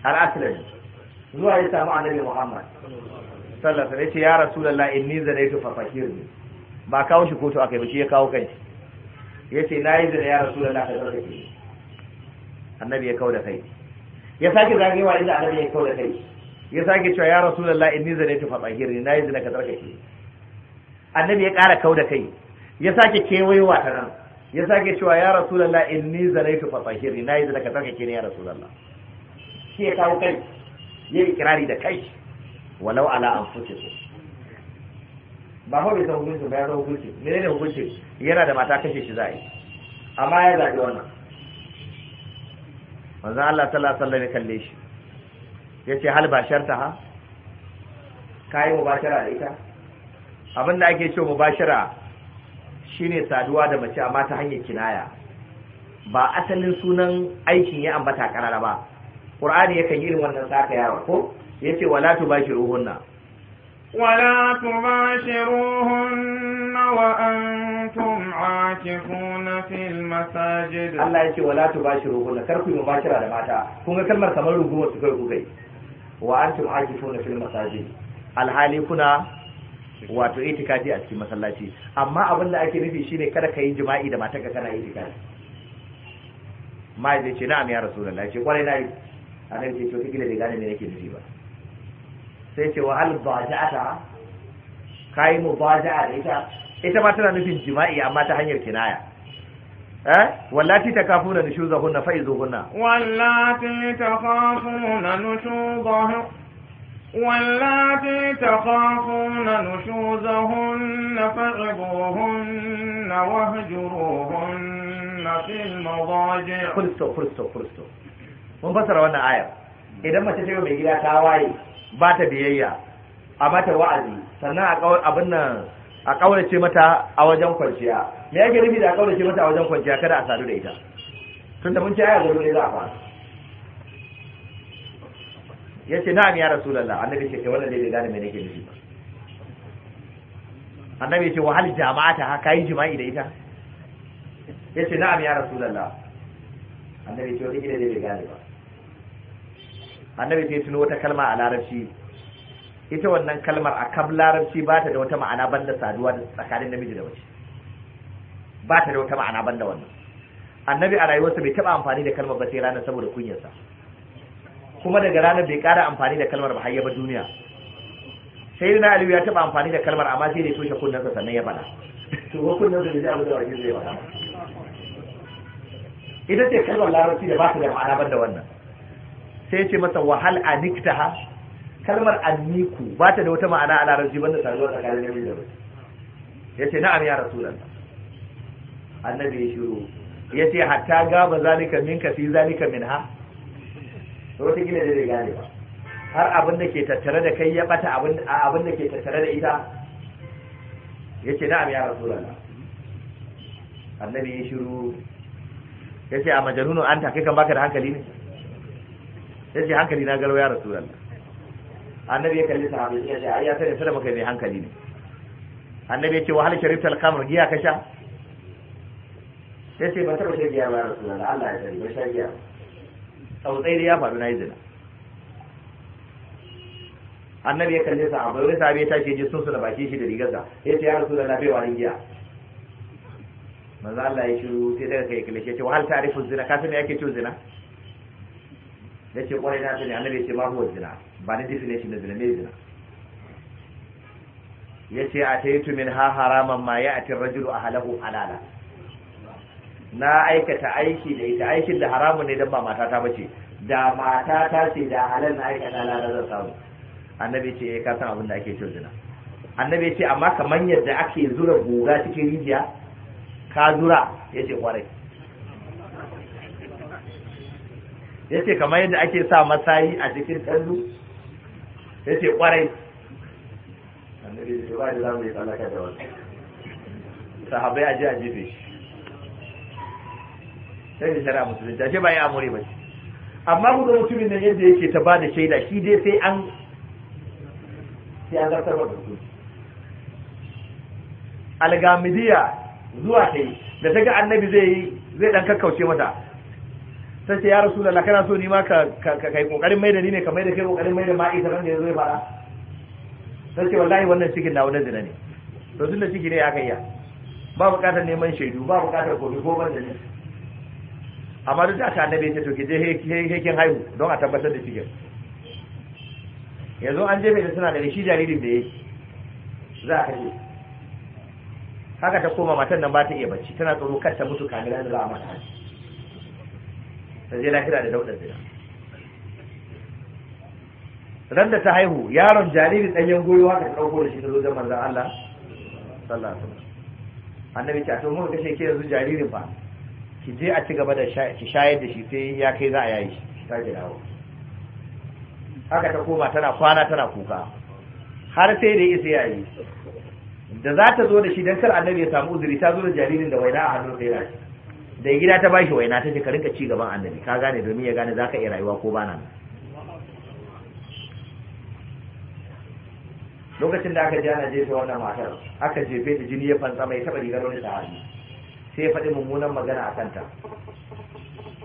al-aslami zuwa ya samu annabi muhammad sallallahu alaihi wasallam ya ce ya rasulullahi inni zanaitu fa fakirni ba kawo shi kotu akai ba shi ya kawo kai ya ce na yi da ya rasu da na annabi ya kawo da kai ya sake wa inda annabi ya kawo da kai ya sake cewa ya rasu da la inni zina tufa tsahiri na yi zina ka tsarkake annabi ya ƙara kawo da kai ya sake kewayowa ta nan ya sake cewa ya rasu da la inni zina tufa tsahiri na yi da ka tsarkake ne ya rasu da la shi ya kawo kai ya yi kirari da kai walau ala an fuce su ba hau bai hukunci ba ya san hukunci mene ne hukunci yana da mata kashe shi za'a yi amma ya zaɓi wannan Wanzan Allah sallallahu alaihi wasallam ya kalle shi Ya ce, hal ba sharta ha yi mubashara da ita abinda ake ce mubashara shine saduwa da mace amma ta hanyar kinaya ba asalin sunan aikin ya ambata karara ba qur'ani yakan yi irin wannan saka yawa ko yace wala tubashiruhunna ولا تباشروهن وأنتم عاكفون في المساجد الله يقول ولا تباشروهن كركم مباشرة لماتا كون كلمة كمان رجوع سكركم كي وأنتم عاكفون في المساجد alhali kuna wato itikafi a cikin masallaci amma abin da ake nufi shine kada ka yi jima'i da matarka kana itikafi mai zai ce na'am ya rasulullahi ce kwarai na yi a nan ce to kike da gane me ke nufi ba sai ce wa hal baja'ata kai mu baja'a da ita ita ma tana nufin jima'i amma ta hanyar kinaya eh wallati takafuna nushuzahunna faizuhunna wallati takafuna nushuzahunna واللاتي تخافون نشوزهن فعظوهن واهجروهن في المضاجع فرستو فرستو فرستو mun fasara wannan ayar idan mace ta mai gida ta waye ba ta biyayya a mata wa'azi sannan a kawar abin nan a ce mata a wajen kwanciya me yake nufi da a ce mata a wajen kwanciya kada a sadu da ita tunda mun ci aya gado ne za a fara ya ce na'am ya rasulallah annabi ce kai wannan zai gane me nake nufi annabi ce wahal jama'ata ha kai jima'i da ita ya ce na'am ya rasulallah annabi ce wani gida zai gane ba annabi sai tuno wata kalma a larabci ita wannan kalmar a kam larabci ba ta da wata ma'ana banda saduwa tsakanin namiji da mace ba ta da wata ma'ana banda wannan annabi a rayuwarsa bai taba amfani da kalmar ba sai ranar saboda kunyarsa kuma daga ranar bai kara amfani da kalmar ba har ba duniya sai na aliyu ya taba amfani da kalmar amma sai da toshe kunnensa sannan ya bada to ko kunnensa da zai abu da wani zai bada ita ce kalmar larabci da ba ta da ma'ana banda wannan sai ce masa wahal a ha kalmar anniku ba ta da wata ma'ana a larabci banda zuwa tsakanin namiji da ya ce na'am ya rasulallah annabi ya shiru ya ce hatta gaba zalika ka fi zalika ha wata gina da gane ba har abin da ke tattare da kai ya bata abin da ke tattare da ita ya ce na'am ya rasulallah annabi ya shiru ya ce a majanunu an take kan baka da hankali ne sai ce hankali na garwa ya rasu Allah annabi ya kalli sahabi ya ce ya sai sai kai mai hankali ne annabi ya ce wa hal sharif al giya ka sha sai ce ban taba shan giya ba rasu Allah Allah ya sani ba sha giya tsautsai da ya faru na yi zina annabi ya kalli sahabi wani sahabi ya tashi ji sun su da baki shi da rigarsa ya ce ya rasu Allah bai wani giya manzo Allah ya shiru sai daga kai kalle ya ce wa hal tarifin zina ka san me yake cin zina yace kwarai na sani annabi ce ma huwa zina ba ni definition da zina me zina yace ataitu min ha haraman ma ya'ti ar-rajulu halahu alala na aikata aiki da ita aikin da haramun ne don ba matata bace da matata ce da halal na aikata halala zan samu annabi ce ya eh, kasan abin da ake cewa zina annabi ce amma kamar yadda ake zura guga cikin rijiya ka zura yace kwarai yace kamar yadda ake sa masayi a cikin sallu yace kwarai annabi ya ba da zamu yi talaka da wannan sahabbai aje a jibe sai da shari'a musulunci ashe ba ya amure ba amma ku mutumin nan yadda yake ta bada shaida shi dai sai an sai an zartar da mutum algamidiya zuwa kai da ta ga annabi zai yi zai dan kakkauce mata Sai ce ya rasu da kana so ni ma ka kai kokarin mai da ni ne ka mai da kai kokarin mai da ma'aikata nan da ya zo ya fara sai ce wallahi wannan cikin na wani zina ne to tun da ciki ne ya kayya ba bukatar neman shaidu ba bukatar kofi ko ban da ne amma duk da ta annabe ta to ki je hekin haihu don a tabbatar da cikin yanzu an je da suna da shi jaririn da yake za a kashe haka ta koma matan nan ba ta iya bacci tana tsoro kar ta mutu kamilan da za a mata ta je kira da daudar jira ran da ta haihu yaron jariri ɗanyen goyo haka ta ɗauko da shi ta zo da manzan Allah sallallahu alaihi wasallam annabi ce a mu ka kashe ke yanzu jaririn ba ki je a ci gaba da ki shayar da shi sai ya kai za a yayi shi ta ji dawo haka ta koma tana kwana tana kuka har sai da isa yayi da za ta zo da shi dan kar annabi ya samu uzuri ta zo da jaririn da waina a hannun sai ya shi da gida ta bashi waina ta ce ka rinka ci gaban annabi ka gane domin ya gane zaka iya rayuwa ko bana lokacin da aka jana ana jefe wannan matar aka jefe ta jini ya fantsa mai taba rigar wani sahabi sai ya faɗi mummunan magana a kanta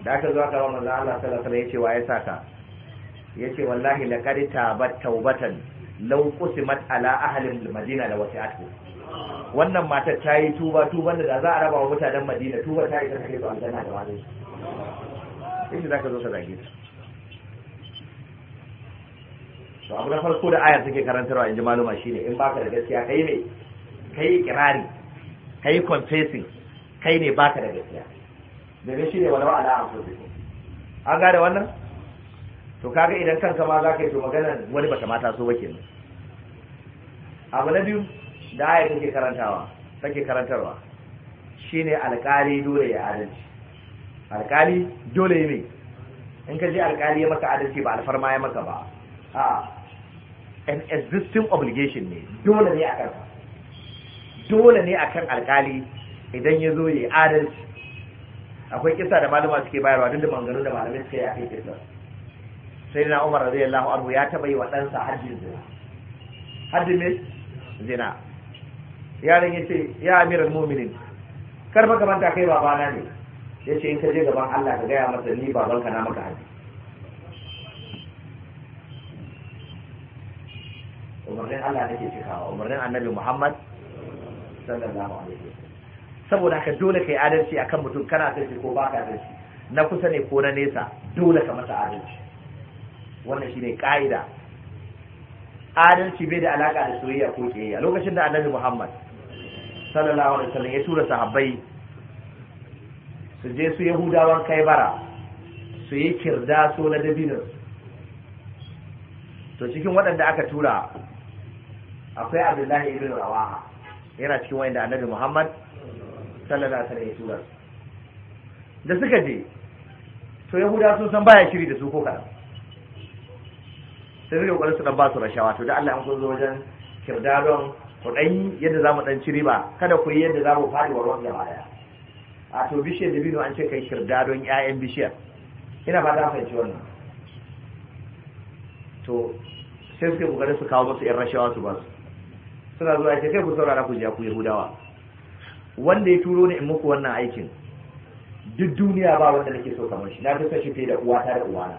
da aka zo aka ba manzo Allah sallallahu alaihi wasallam ya ce wa ya saka yace wallahi laqad tabat taubatan law qusimat ala ahli al-madina la wasi'atuhu wannan matar ta yi tuba tuban da za a raba wa mutanen madina tuba ta yi ta kai su aljanna da wani inda za ka zo sadaki ta to abu na farko da ayar take karantarwa in ji maluma shine in baka da gaskiya kai ne kai kirari kai confessing kai ne baka da gaskiya daga shi ne wani wa'ala a fusikin an gane wannan to kaga idan kanka ma za ka yi to magana wani bata mata so ba kenan abu na biyu da aya take karantawa take karantarwa shine alƙali dole ya adalci alƙali dole ne in ka je alƙali ya maka adalci ba alfarma ya maka ba a an existing obligation ne dole ne a kanka dole ne a kan alƙali idan ya zo ya adalci akwai kisa da malama suke bayarwa duk da da malamai suke ya kai kisa sai na umar radiyallahu anhu ya taba yi wa ɗansa hajjin zina hajjin zina yaron ya ce ya amiral muminin kar baka manta kai babana ne ya ce in ka je gaban Allah ka gaya masa ni babanka na maka haji umarnin Allah nake cikawa umarnin annabi Muhammad sallallahu alaihi wasallam saboda ka dole kai adalci akan mutum kana son shi ko baka son shi na kusa ne ko na nesa dole ka masa adalci wannan shine ka'ida adalci bai da alaka da soyayya ko kiyayya lokacin da annabi Muhammad sallallahu alaihi wasallam ya tura sahabbai su je su yahudawan kaibara su yi kirda so na dabinin to cikin waɗanda aka tura akwai abdullahi ibn rawaha yana cikin wanda annabi muhammad sallallahu alaihi wasallam ya tura da suka je to yahuda sun san baya shiri da su ko kaɗan sai suka kwarar su dan ba su rashawa to da allah an kun zo wajen kirdadon ɗan dan yadda mu dan ci riba kada ku yi yadda za mu fadi wa ruwan gaba daya a to bishiyar da bino an ce kai shirda don ƴaƴan bishiyar ina ba ta fahimci wannan to sai suke kokarin su kawo musu yan rashawa su ba su suna zuwa ce kai ku saurara ku je ku yahudawa wanda ya turo ni in muku wannan aikin duk duniya ba wanda nake so kamar shi na fi son shi fiye da uwata da uwana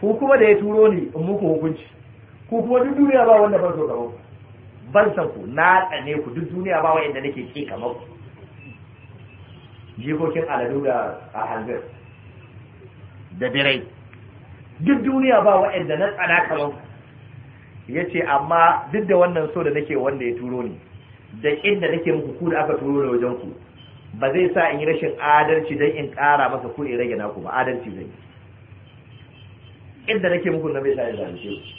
ku kuma da ya turo ni in muku hukunci ku kuma duk duniya ba wanda ban so kamar shi ban san ku na tsane ku duk duniya ba inda nake ke kamar ku jikokin aladu da a da birai duk duniya ba inda na tsana kamar ku ya ce amma duk da wannan so da nake wanda ya turo ni da inda nake muku ku da aka turo da wajen ku ba zai sa in yi rashin adalci don in ƙara masa ku in rage naku ba adalci zai inda nake muku na bai sa in zalunce ku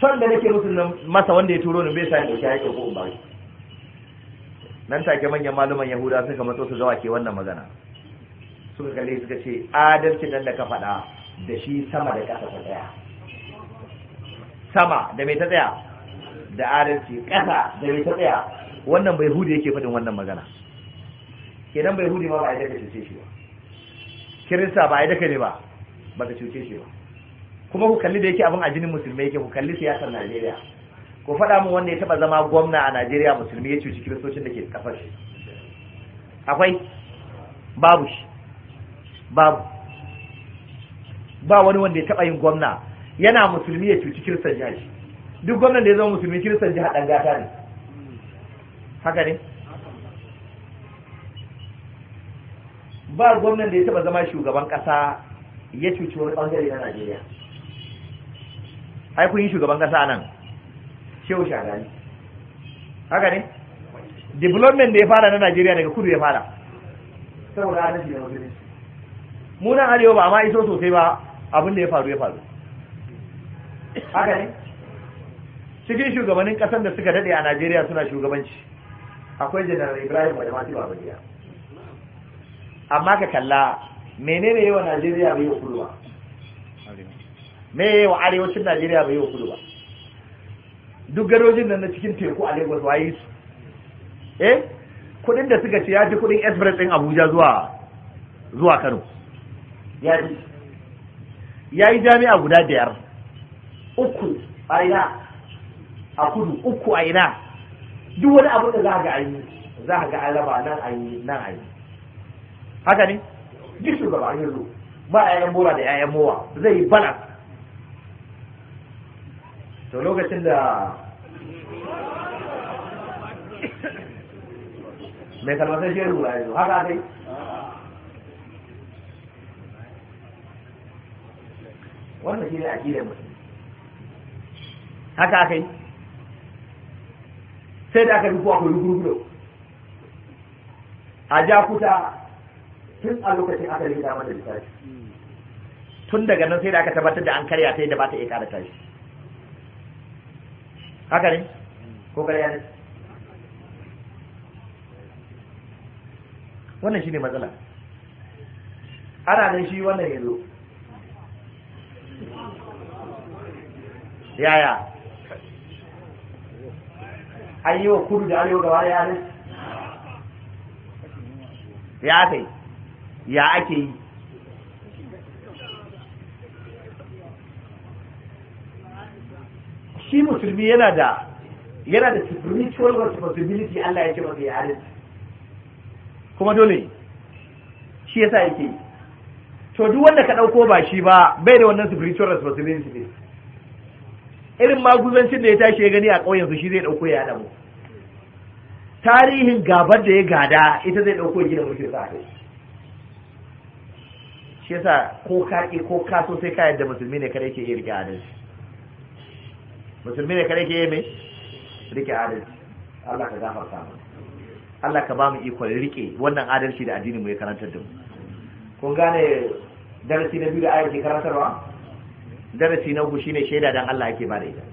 son da nake nan masa wanda ya turo ni bai sa dauki haƙƙin ko in ba nan take manyan malaman yahuda suka matso su zawa ke wannan magana suka kalle suka ce adalci nan da ka faɗa da shi sama da ƙasa ta tsaya sama da mai ta tsaya da adalci ƙasa da mai ta tsaya wannan bai hudu yake faɗin wannan magana kenan bai hudu ma ba a yi daga cuce shi ba kirista ba a yi daga ne ba ba ta cuce shi ba kuma ku kalli da yake abin a jinin musulmai yake ku kalli siyasar Najeriya ku faɗa min wanda ya taɓa zama gwamna a Najeriya musulmi ya cuci kiristocin da ke kafar shi akwai babu shi babu ba wani wanda ya taɓa yin gwamna yana musulmi ya cuci kiristan jihar shi duk gwamnan da ya zama musulmi kiristan jihar ɗan gata ne haka ne ba gwamnan da ya taɓa zama shugaban ƙasa ya cuci wani ɓangare na Najeriya ai kun yi shugaban kasa nan shehu shagari haka ne development da ya fara na Najeriya daga kudu ya fara saboda ana nasi yanzu ne mu nan arewa ba ma iso sosai ba abin da ya faru ya faru haka ne cikin shugabannin kasan da suka dade a Najeriya suna shugabanci akwai General Ibrahim wa Badamasi ba amma ka kalla menene yawan Najeriya bai yi kulwa me wa arewacin Najeriya bai yi wa kudu ba duk gadojin nan na cikin teku a Lagos waye su eh kudin da suka ce ya fi kudin express din Abuja zuwa zuwa Kano ya yi jami'a guda biyar uku a ina a kudu uku a ina duk wani abu da za ga ayi za ga alaba nan ayi nan ayi haka ne duk shugaba an ba 'ya'yan bora da 'ya'yan mowa zai yi balance to lokacin da mai kalmatar shi rula yanzu haka dai wannan shi ne aƙidar mutum haka aka yi sai da aka rufu akwai rukurukudu a kuta tun a lokacin aka rika mata da tashi tun daga nan sai da aka tabbatar da an karya ta da ba ta iya kara tashi haka ne ko kare ne wannan shi ne matsala ana nan shi wannan ya zo yaya an yi wa kudu da arewa gaba da ya ake yi ya ake yi shi musulmi yana da yana da spiritual responsibility Allah ya ce masa ya harin kuma dole shi yasa yake to duk wanda ka ɗauko ba shi ba bai da wannan spiritual responsibility ne irin maguzancin da ya tashi ya gani a ƙauyen su shi zai ɗauko ya haɗa mu tarihin gabar da ya gada ita zai ɗauko gina mutum sa kai shi yasa ko ka ko ka so sai ka yadda musulmi ne kada yake iya riga adalci musulmi ne kare ke yi mai rike adalci Allah ka gafarta mu Allah ka ba mu ikon rike wannan adalci da addini mu ya karantar da mu kun gane darasi na biyu da ayyuka karantarwa darasi na uku shine shaida dan Allah yake bada ita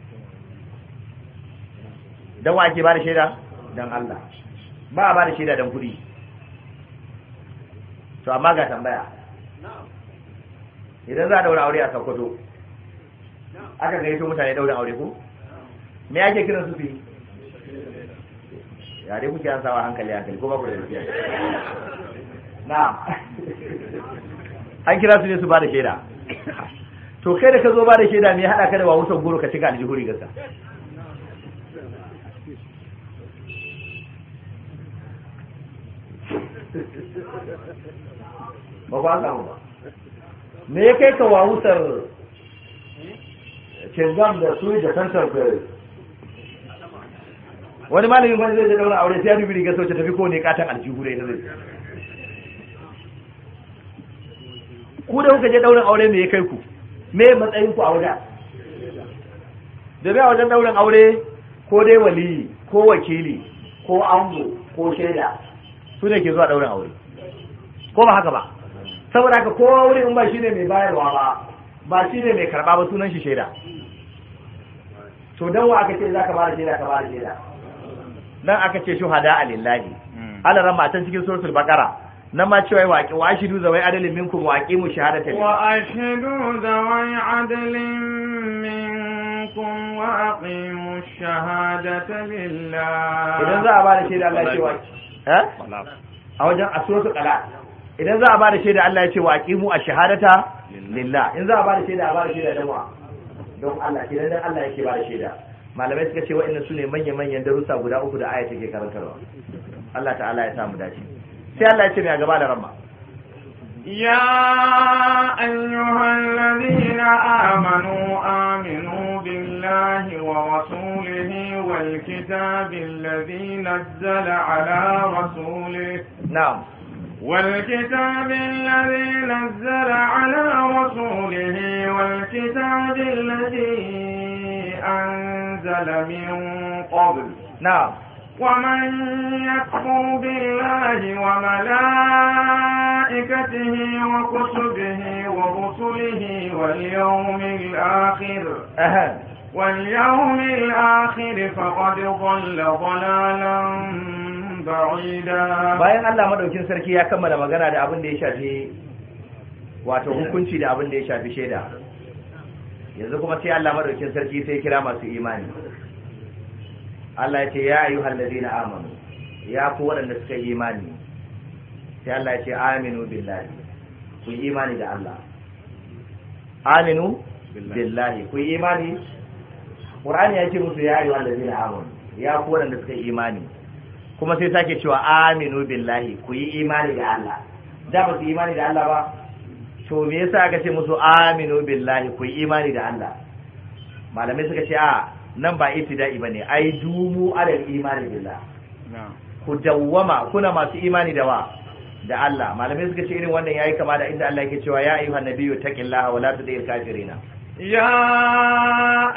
dan wa ake bada shaida dan Allah ba a bada shaida dan kuɗi to amma ga tambaya idan za a daura aure a Sokoto aka gaito mutane daura aure ku? me ake kiran su fi ya dai kuke an sawa hankali hankali ko ba ku da lafiya Na, an kira su ne su ba da shaida to kai da ka zo ba da shaida me hada ka da wawusan goro ka cika aljihuri gasa ba ba samu ba me ya kai ka wawusar shingam da su da tantar fere wani malamin wani zai daura aure sai ya dubi rigar sauce tafi ko ne katan aljihu da ita zai ku da kuka je daurin aure me ya kai ku me matsayin ku a wajen da bai wajen daurin aure ko dai wali ko wakili ko ango ko shaida su ne ke zuwa daurin aure ko ba haka ba saboda haka ko wurin in ba shi ne mai bayarwa ba ba shi ne mai karɓa ba sunan shi shaida to dan wa aka ce za ka bada shaida ka bada shaida nan aka ce shuhada a lillahi hmm. ala rama tan cikin suratul baqara nan ma cewa waqi wa ashidu zawai adalin minkum wa aqimu shahadata wa ashidu zawai adalin minkum wa aqimu shahadata lillah idan za a bada shaida Allah ya ce wa eh? a wajen a suratul qala idan za a bada shaida Allah ya ce wa aqimu ash-shahadata lillah in za a bada shaida a bada shaida da jama'a don Allah ke dan Allah yake ba da shaida malamai suka ce wa'annan sune manyan manyan darussa guda uku da aya take karantarwa Allah ta'ala ya samu dace sai Allah ya ce mai gaba da ramma يا أيها الذين آمنوا آمنوا بالله ورسوله والكتاب الذي نزل على رسوله نعم والكتاب الذي نزل على رسوله والكتاب الذي أنزل من قبل نعم ومن يكفر بالله وملائكته وكتبه ورسله واليوم الآخر واليوم الآخر فقد ضل ضلالا ba'ida bayan Allah madaukin sarki ya kammala magana da abin da ya shafi wato hukunci da abin da ya shafi shaida yanzu kuma sai Allah madaukin sarki sai kira masu imani Allah ya ce ya ayyuhal ladina amanu ya ku waɗanda suka yi imani sai Allah ya ce aminu billahi ku yi imani da Allah aminu billahi ku yi imani Qur'ani ya ce musu ya ayyuhal ladina amanu ya ku waɗanda suka yi imani kuma sai sake cewa aminu billahi ku yi imani da Allah da ba su imani da Allah ba to me yasa aka ce musu aminu billahi ku yi imani da Allah malamai suka ce a nan ba ibtida'i bane ai dumu ala imani billah ku dawwama kuna masu imani da wa da Allah malamai suka ce irin wannan yayi kama da inda Allah yake cewa ya ayyuhan nabiyyu taqillaha wa la tudil kafirina يا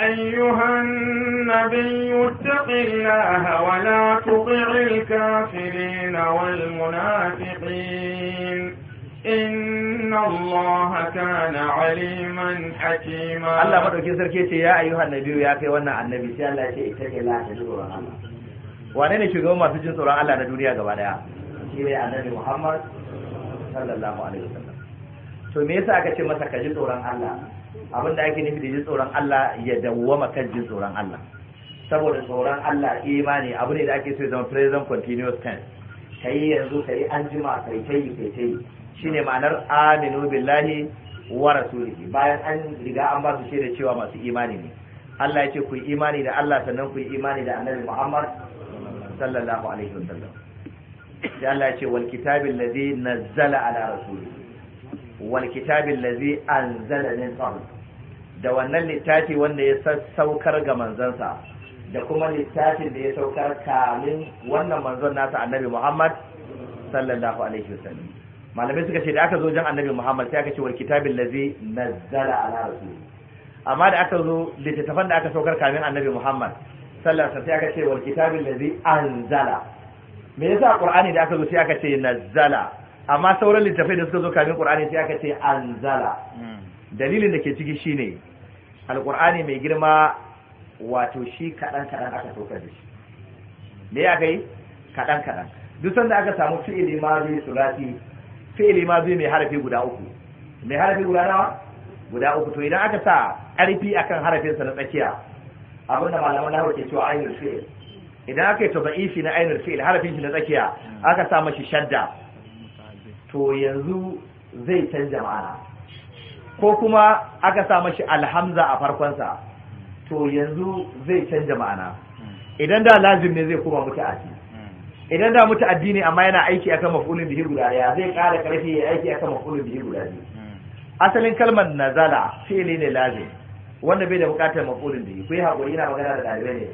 أيها النبي اتق الله ولا تطع الكافرين والمنافقين إن الله كان عليما حكيما الله مدرك سركي يا أيها النبي يا كي وانا النبي سي الله شيء اتق الله تجربة الله wane ne shugaban masu jin tsoron Allah na duniya gaba daya shi ne annabi Muhammad sallallahu alaihi wasallam to me yasa aka ce masa ka ji tsoron Allah abin da ake nufi da jin tsoron Allah ya dawwama kan jin tsoron Allah saboda tsoron Allah imani abu ne da ake so zama present continuous tense kai yanzu kai an jima kai kai kai kai shine ma'anar aminu billahi wa rasulihi bayan an riga an ba su shaida cewa masu imani ne Allah ya ce ku yi imani da Allah sannan ku yi imani da Annabi Muhammad sallallahu alaihi wa sallam sai Allah ya ce wal kitabil ladzi nazzala ala rasulihi wal kitabil ladzi anzala min qabl da wannan littafi wanda ya saukar ga manzansa da kuma littafin da ya saukar kamin wannan manzon nasa annabi Muhammad sallallahu alaihi wasallam malamai suka ce da aka zo jan annabi Muhammad sai aka ce wal kitabil ladzi nazzala ala rasul amma da aka zo littattafan da aka saukar kamin annabi Muhammad sallallahu alaihi wasallam sai aka ce wal kitabil ladzi anzala me yasa qur'ani da aka zo sai aka ce nazzala amma sauran littafai da suka zo kamin qur'ani sai aka ce anzala hmm. dalilin da ke ciki shine alqur'ani mai girma wato shi kaɗan kaɗan aka saukar da shi me ya kai kaɗan kaɗan duk sanda aka samu fi'ili mazi surati fi'ili mazi mai harafi guda uku mai harafi guda nawa guda uku to idan aka sa ƙarfi akan harafinsa na tsakiya abinda malaman nawa ke cewa ainihin fi'il idan aka yi taba'ifi na ainihin fi'il harafin shi na tsakiya aka sa mashi shadda to yanzu zai canja ma'ana ko kuma aka sa mashi alhamza a farkonsa to yanzu zai canja ma'ana idan da lazim ne zai koma aji. idan da muta ne amma yana aiki akan maf'ulun bihi guda ya zai ƙara ƙarfi ya aiki akan maf'ulun bihi guda ne asalin kalmar nazala fi'ili ne lazim wanda bai da buƙatar maf'ulun bihi ku yi hakuri ina magana da ɗalibai ne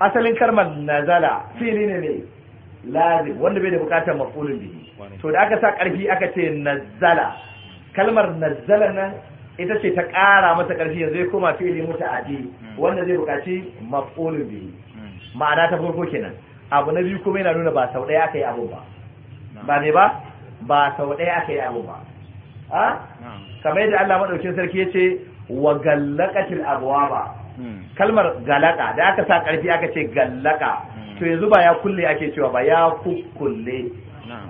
asalin kalmar nazala fi'ili ne ne lazim wanda bai da buƙatar maf'ulun bihi to da aka sa ƙarfi aka ce nazala kalmar nazzala nan ita ce ta ƙara masa ƙarfi yanzu ya koma fi'ili muta'adi hmm. wanda zai buƙaci maf'ulun hmm. ma'ana ta farko kenan abu na biyu kuma yana nuna ba sau ɗaya aka yi abu ba ba ne ba ba sau ɗaya aka yi abu ba a kamar yadda Allah madaukin sarki ya ce wa gallaqatil abwaba hmm. kalmar galaka da aka sa ƙarfi aka ce gallaka to yanzu ba ya kulle ake cewa ba ya kukkulle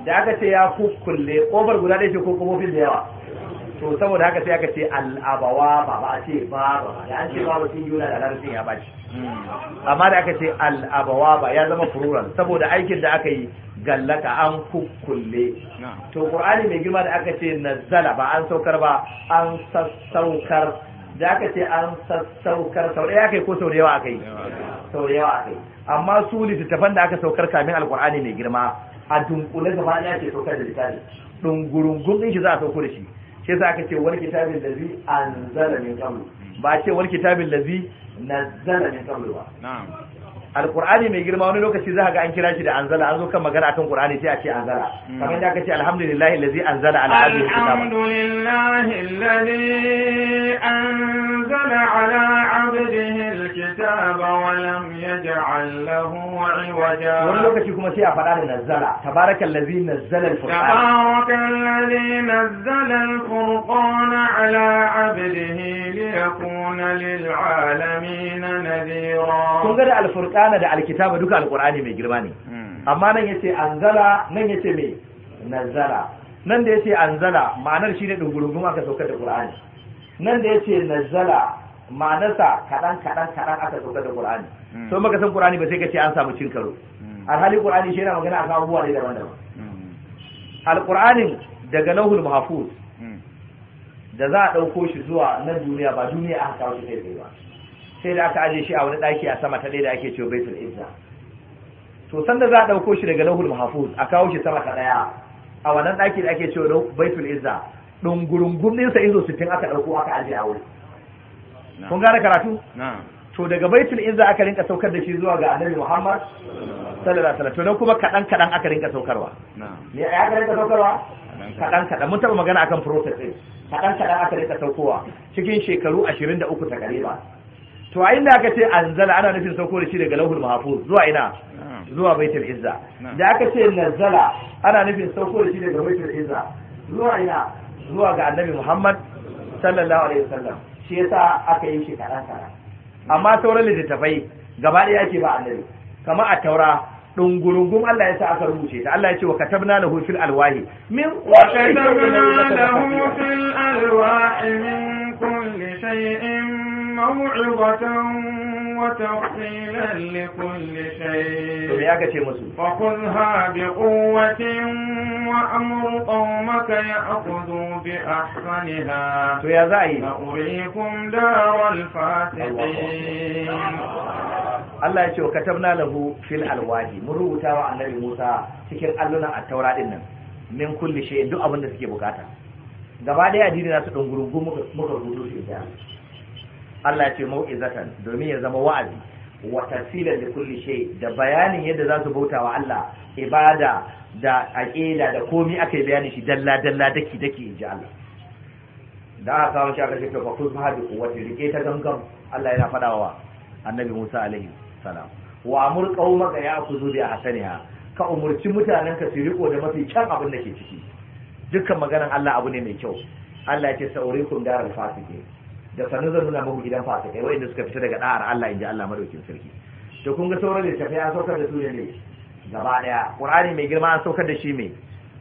da aka ce ya kukkulle ƙofar guda ɗaya ce ko kofofin da yawa to saboda haka sai aka ce al'abawa ba ba a ce ba ba da an ce ba ba sun yuna da larabcin ya bashi amma da aka ce al'abawa ba ya zama plural saboda aikin da aka yi gallaka an kukkulle to qur'ani mai girma da aka ce nazzala ba an saukar ba an sassaukar da aka ce an sassaukar sau ɗaya aka yi ko sau da yawa aka yi sau da yawa aka yi amma su littattafan da aka saukar kamin alqur'ani mai girma a dunkule gaba ɗaya ce saukar da littafi dungurungun ɗin shi za a sauko da shi shi yasa aka ce wal kitabil ladzi anzala min qabl ba ce wal kitabil ladzi nazzala min qabl ba na'am alqur'ani mai girma wani lokaci za ga an kira shi da anzala an zo kan magana akan qur'ani sai a ce anzala mm. kamar yadda aka ce alhamdulillahi allazi anzala ala abdihi kitaba alhamdulillahi allazi anzala ala abdihi alkitaba wa lam yaj'al lahu iwaja wani lokaci kuma sai a faɗa da nazzala tabarakallazi nazzala alfurqana tabarakallazi nazzala alfurqana ala abdihi liyakuna lil alamin nadhira kun ga alfurqana tana da alkitaba duka Alƙur'ani mai girma ne hmm. amma nan yace anzala nan yace me nazala nan da yace anzala ma'anar shine dungurungum aka saukar da qur'ani nan da yace nazala ma'anarsa kadan kadan kadan aka saukar da qur'ani so hmm. maka san qur'ani ba sai ka ce an samu cin karo hmm. alhali qur'ani shi yana magana akan abubuwa ne daban-daban alqur'anin daga lauhul mahfuz da za a dauko shi zuwa na duniya ba duniya aka kawo shi kai ba sai da aka aje shi a wani daki a sama ta da ake cewa baitul izza to sanda za a dauko shi daga lahul mahfuz a kawo shi sama ka daya a wannan daki da ake cewa baitul izza dungurungun din sa izo 60 aka dauko aka aje a wuri kun gane karatu to daga baitul izza aka rinka saukar da shi zuwa ga annabi muhammad sallallahu alaihi wasallam to dan kuma kadan kadan aka rinka saukarwa me aka rinka saukarwa kadan kadan mun taba magana akan prophet din kadan kadan aka rinka saukowa cikin shekaru 23 takriban to a inda aka ce anzala ana nufin sauko da shi daga lauhul mahfuz zuwa ina zuwa baitul izza da aka ce nazala ana nufin sauko da shi daga baitul izza zuwa ina zuwa ga annabi muhammad sallallahu alaihi wasallam shi yasa aka yi shi karan karan amma sauran littattafai gaba ɗaya ke ba annabi kamar a taura dungurungum Allah ya sa aka rubuce ta Allah ya ce wa katabna lahu fil alwahi min wa katabna lahu fil alwahi min kulli shay'in موعظة وتفصيلا لكل شيء فخذها بقوة وأمر قومك يأخذوا بأحسنها دار الفاسقين Allah ya ce wa katabna lahu fil alwahi mun rubuta wa annabi Musa cikin allona a taura din nan min kulli shay'in duk abin da suke bukata gaba daya addini na su dungurungu muka muka rubuta shi da Allah ce mau'izatan domin ya zama wa'azi wa tafsilan da kulli shay da bayanin yadda za su bauta wa Allah ibada da aqida da komai akai bayani shi dalla dalla daki daki inji Allah da aka kawo shi aka ce fa kuz ma rike ta gangan Allah yana fada wa Annabi Musa alaihi salam wa amur qaumaka ya kuzu bi hasaniha ka umurci mutanen ka su riko da mafi kyan abin da ke ciki dukkan maganar Allah abu ne mai kyau Allah ya ce sa'urikum daral fasiqin da sanin zan nuna muku gidan fasikai wanda suka fita daga da'ar Allah inji Allah madaukin sarki to kun ga sauran littafi an saukar da su ne gaba daya qur'ani mai girma an saukar da shi mai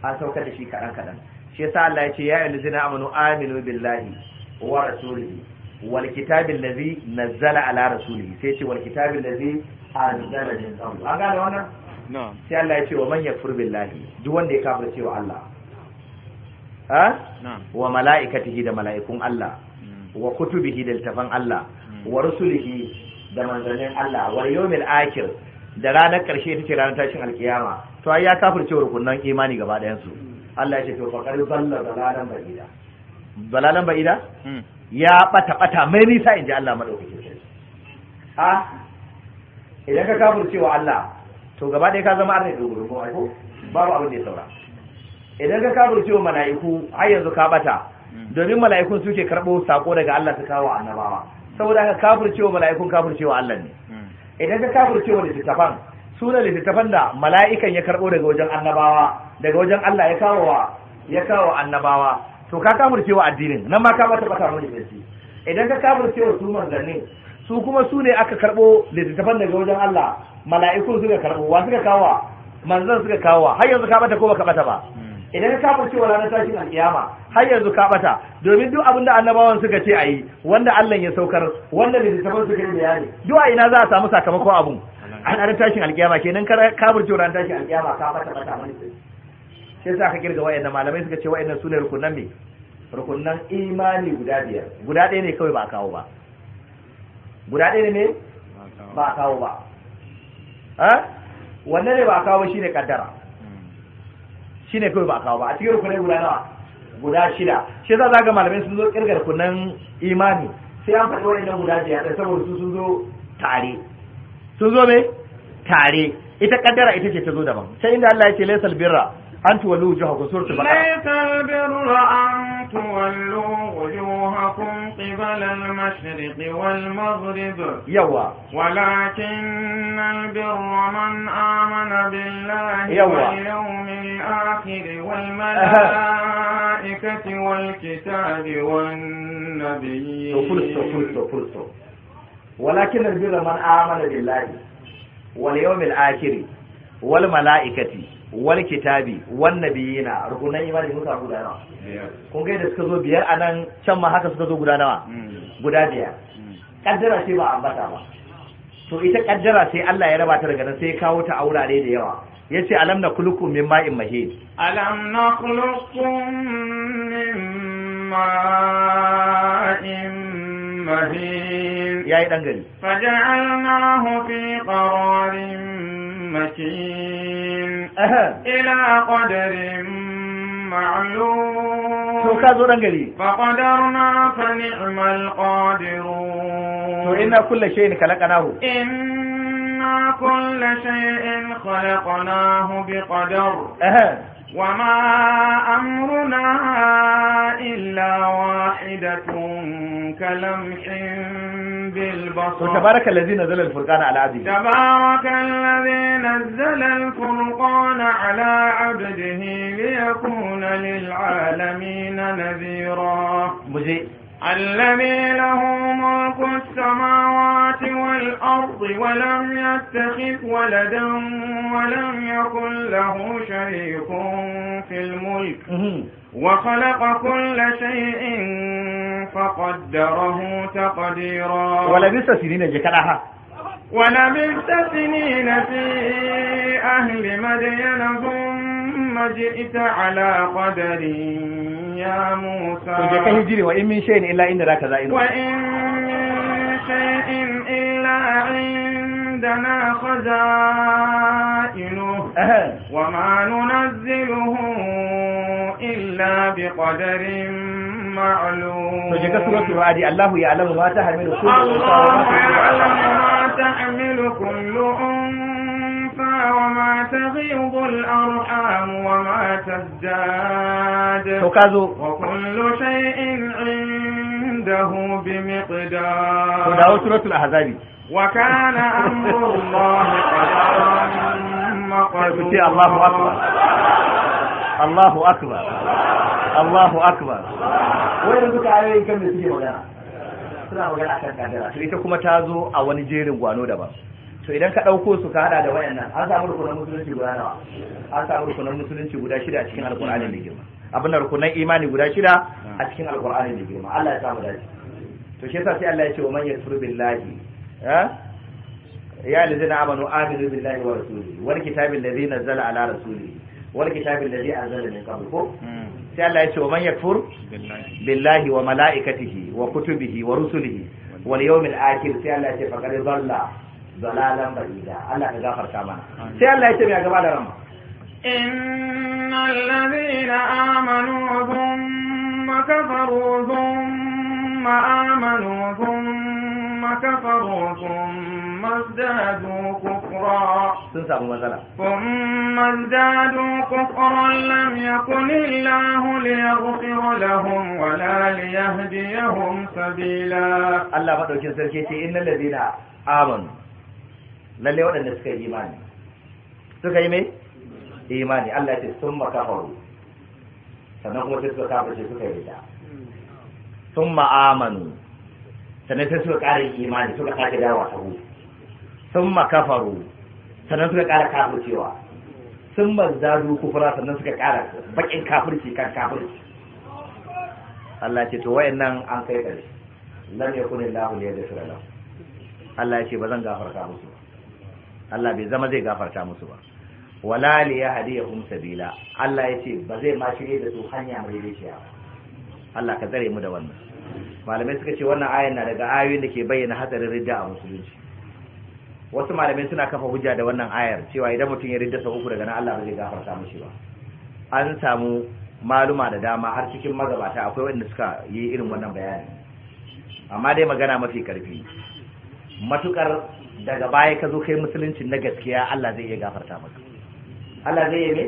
an saukar da shi kadan kadan shi yasa Allah ya ce ya ayyuhallazina amanu aminu billahi wa rasulihi wal kitabil ladzi nazzala ala rasulihi sai ce wal kitabil ladzi anzala min qabl an gane wannan na'am sai Allah ya ce wa man yakfur billahi duk wanda ya kafirce wa Allah ha na'am wa mala'ikatihi da mala'ikun Allah wa kutubihi da littafan Allah hmm. wa rusulihi da manzannin Allah wa yawmil akhir da ranar karshe ita ce ranar tashin alkiyama to ai ya kafirce rukunan imani gaba ɗayan su hmm. Allah ya ce to faqad zalla zalalan ba'ida zalalan ba'ida hmm. ya bata bata mai nisa inji Allah madaukake ha idan ka kafirce wa Allah to gaba ɗaya ka zama arne dogon ko babu abin da ya saura idan ka kafirce wa mala'iku har yanzu ka bata domin mala'ikun suke karɓo sako daga Allah su kawo annabawa saboda haka kafircewa mala'ikun kafircewa Allah ne idan ka kafircewa littattafan suna littattafan da mala'ikan ya karɓo daga wajen annabawa daga wajen Allah ya kawo wa ya kawo annabawa to ka kafircewa addinin nan ma ka bata bata mu da idan ka kafircewa su manzanni su kuma su ne aka karɓo littattafan daga wajen Allah mala'ikun suka karɓo wa suka kawo manzan suka kawo har yanzu ka bata ko baka bata ba idan ka kafirce wa ranar tashin alkiyama har yanzu ka bata domin duk abin da annabawan suka ce ayi wanda Allah ya saukar wanda littattafan suka yi bayani duk a ina za a samu sakamakon abun an ranar tashin alkiyama kenan ka kafirce wa ranar tashin alkiyama ka bata bata mani sai sa ka kirga wayannan malamai suka ce wayannan sune rukunan me rukunan imani guda biyar guda ɗaya ne kawai ba a kawo ba guda ɗaya ne ba a kawo ba eh? wannan ne ba a kawo ne kaddara shine kawai ba a kawo ba a cikin rukunai guda nawa guda shida shi za zaga malamai sun zo kirgar kunan imani sai an faɗi nan guda biyar da saboda su sun zo tare sun zo me tare ita kaddara ita ce ta zo daban sai inda Allah ya ce laysal birra أن تولوا وجوهكم سورة البقرة ليس البر أن تولوا وجوهكم قبل المشرق والمغرب يوا ولكن البر من آمن بالله يوا واليوم الآخر والملائكة والكتاب والنبيين فلسطو فلسطو فلسطو ولكن البر من آمن بالله واليوم الآخر والملائكة wal kitabi wan nabiyina rukunan imani Musa samu guda nawa kun ga suka zo biyar a nan can ma haka suka zo guda nawa hmm. guda biyar hmm. kaddara sai ba ambata ba to ita kaddara sai Allah ya raba ta daga nan sai ya kawo ta a wurare da yawa yace alam na kulukum min ma'in mahin alam na kulukum min ma'in مهين يا إيه دنجلي فجعلناه في قرار مكين أه. إلى قدر معلوم to zo dan gari fa qadarna fa ni'mal qadirun to inna kullu shay'in khalaqnahu shay'in وما أمرنا إلا واحدة كلمح بالبصر تبارك الذي نزل الفرقان على عبده تبارك الذي نزل الفرقان على عبده ليكون للعالمين نذيرا مجيء الذي له ملك السماوات والأرض ولم يتخذ ولدا ولم يكن له شريك في الملك وخلق كل شيء فقدره تقديرا ولبث سنين جكرها ولبث سنين في أهل مدين ثم ثم جئت على قدر يا موسى وجئت وإن من شيء إلا إن ذاك زائد وإن من شيء إلا عندنا خزائنه وما ننزله إلا بقدر معلوم الله يعلم ما تحمل كل الله يعلم ما تحمل كل أنثى تخفى وما تغيض الأرحام وما تزداد وكل شيء عنده بمقدار وكان أمر الله قدرا الله أكبر الله أكبر الله أكبر وين بك عليه كم نسيجي مغانا suna magana akan kadara sai ita kuma ta zo a wani jerin to idan ka ɗauko su ka haɗa da wayannan an samu rukunan musulunci guda nawa an samu rukunan musulunci guda shida a cikin alƙur'ani mai girma abin da rukunan imani guda shida a cikin alƙur'ani mai girma Allah ya samu dace to shi yasa sai Allah ya ce wa man yasur billahi eh? ya lazina amanu aminu billahi wa rasuli wal kitabil ladzi nazzala ala rasuli wal kitabil ladzi anzala min qabl ko hmm. sai Allah ya ce wa man yakfur billahi wa malaikatihi wa kutubihi wa rusulihi wal yawmil akhir sai Allah ya ce qad dhalla zalalan bariga Allah ka gafarta mana sai Allah ya ce ya gaba da rama innal da amanu thumma kafaru thumma amanu thumma kafaru thumma zadu kufra sun samu matsala thumma zadu kufra lam yakun illahu liyaghfir lahum wa la liyahdiyahum sabila Allah ba sarki ce innal ladina amanu lalle waɗanda suka yi imani suka yi mai imani Allah ya ce sun makafaru sannan kuma sai suka kafa ce suka yi da sun ma'amanu sannan sai suka ƙara imani suka da dawa sahu sun makafaru sannan suka ƙara cewa sun mazdadu kufura sannan suka ƙara bakin kafirci kan kafirci Allah ya ce to nan an kai ƙarshe lam yakun lahu liyadhkura lahu Allah ya ce ba zan gafarta musu ba Allah bai zama zai gafarta musu ba wala li yahdihum sabila Allah yace ba zai ma shi da su hanya mai dace ba Allah ka tsare mu da wannan malamai suka ce wannan ayan na daga ayoyin da ke bayyana hatsarin ridda a musulunci wasu malamai suna kafa hujja da wannan ayar cewa idan mutum ya ridda sa uku daga nan Allah ba zai gafarta mishi ba an samu maluma da dama har cikin magabata akwai wanda suka yi irin wannan bayani amma dai magana mafi karfi matukar daga baya ka zo kai musulunci na gaskiya Allah zai iya gafarta maka Allah zai iya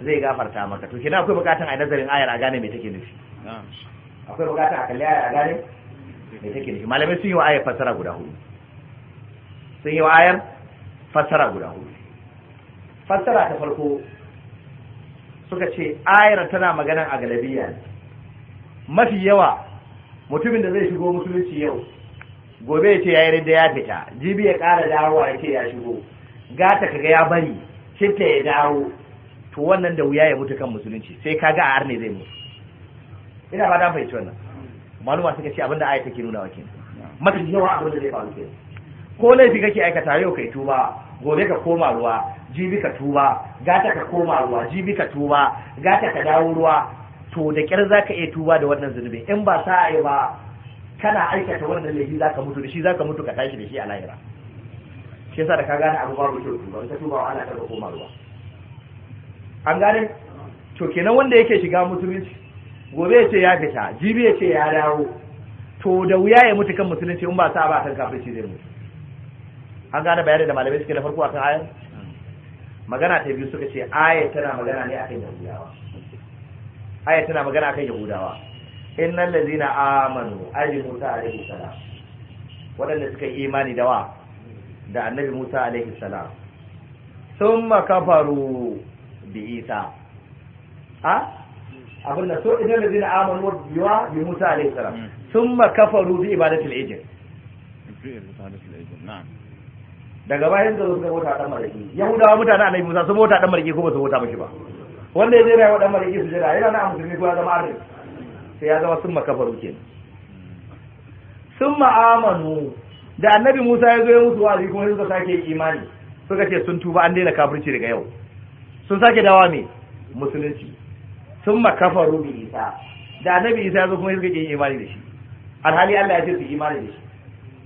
zai gafarta maka to kina akwai bukatun a nazarin ayar a gane me take nufi akwai bukatun a kalli ayar a gane me take nufi malamai sun yi wa ayar fassara guda hudu sun yi wa ayar fassara guda hudu fassara ta farko suka ce ayar tana magana a galabiya mafi yawa mutumin da zai shigo musulunci yau gobe ya ce ya yi rinda ya fita jibi ya ƙara dawowa ya ce ya shigo gata kaga ya bari citta ya dawo to wannan da wuya ya mutu kan musulunci sai kaga a arne zai mutu ina ba ta fahimci wannan maluma suka ce abinda ayata ke nuna wakil kenan mafi yawa abinda zai faru kenan ko laifi kake aikata yau kai tuba gobe ka koma ruwa jibi ka tuba gata ka koma ruwa jibi ka tuba gata ka dawo ruwa to da kyar za ka iya tuba da wannan zunubi in ba sa'a ba kana aikata wannan laifi zaka mutu da shi zaka mutu ka tashi da shi a lahira shi yasa da ka gane abu ba mutu ba ta tuba wa Allah ka koma ruwa an gane to kenan wanda yake shiga musulunci gobe ya ce ya fita jibi ya ce ya dawo to da wuya ya mutu kan musulunci in ba sa ba kan kafirci zai mutu an gane bayani da malamai suke da farko akan ayar magana ta biyu suka ce ayar tana magana ne akan yahudawa ayar tana magana akan yahudawa innal ladzina amanu aji Musa alaihi salam waɗanda suka yi imani da wa da annabi Musa alaihi salam sun kafaru bi Isa a abin da so innal ladzina amanu biwa bi Musa alaihi salam summa hmm. kafaru bi ibadatil ijl daga bayan da suka mota dan mariki yahudawa mutanen annabi Musa sun mota dan mariki ko ba su mota mashi ba wanda ya je rayuwa dan mariki su jira yana na musulmi ko zama arziki sai ya zama summa kafaru kenan summa amanu da annabi Musa ya zo ya musu wa'azi kuma suka sake imani suka ce sun tuba an daina kafirci daga yau sun sake dawa mai musulunci summa kafaru bi Isa da annabi Isa ya zo kuma suka yi imani da shi alhali Allah ya ce su imani da shi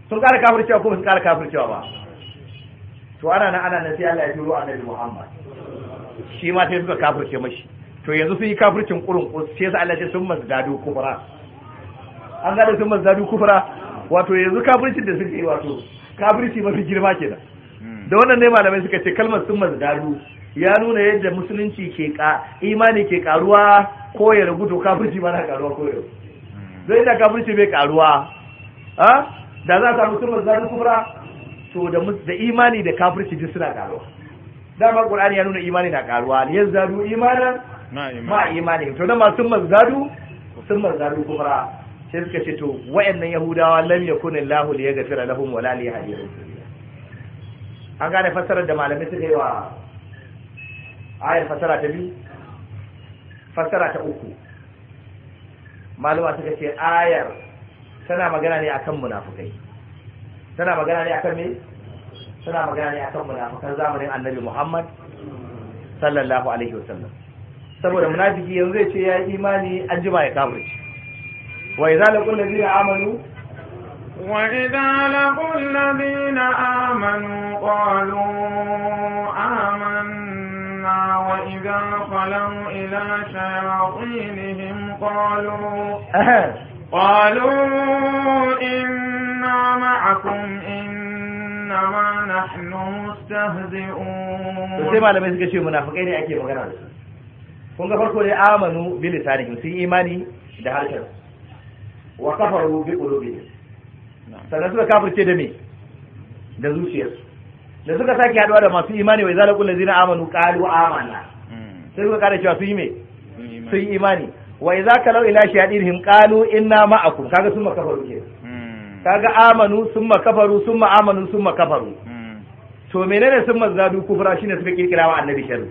sun kara kafircewa ko ba su kara kafircewa ba to ana nan ana nan sai Allah ya turo annabi Muhammad shi ma sai suka kafirce mashi to yanzu sun yi kafircin ƙurin sai yasa Allah ya sun mazdadu kufra an ga sun mazdadu kufra wato yanzu kafircin da suka yi wato kafirci mafi girma ke da Da wannan ne malamai suka ce kalmar sun mazdadu ya nuna yadda musulunci ke ka imani ke karuwa ko ya to kafirci ma na karuwa ko ya zai da kafirci bai karuwa a da za ka rubuta mazdadu kufra to da imani da kafirci duk suna karuwa dama qur'ani ya nuna imani na karuwa yanzu imanin ma imani to nan ma sun mazadu sun mazadu kuma sai suka ce to wayannan yahudawa lam yakun Allah li yaghfira lahum wala li yahdihim an gane fasarar da malamai suka yi wa ayar fasara ta biyu fasara ta uku malama suka ce ayar tana magana ne akan munafukai tana magana ne akan me tana magana ne akan munafukan zamanin annabi Muhammad sallallahu alaihi wasallam saboda munafiki yanzu zai ce ya yi imani an jima ya kafirci wa idza laqul ladina amanu wa idza laqul ladina amanu qalu amanna wa idza khalaw ila shayatinihim qalu qalu inna ma'akum ma nahnu mustahzi'un sai malamai suka ce munafikai ne ake magana da su kun ga farko dai amanu bi lisanihim sun imani da harshen wa kafaru bi qulubihim sannan suka kafirce da me da zuciyarsu da suka sake haduwa da masu imani wa zalakul ladina amanu qalu amanna sai suka kare cewa sun yi me sun imani wa idza kalau ila shayadihim qalu inna ma'akum kaga sun makafaru ke hmm. kaga amanu sun makafaru sun ma'amanu sun makafaru hmm. to menene sun mazadu kufra shine suka kirkira wa annabi sharri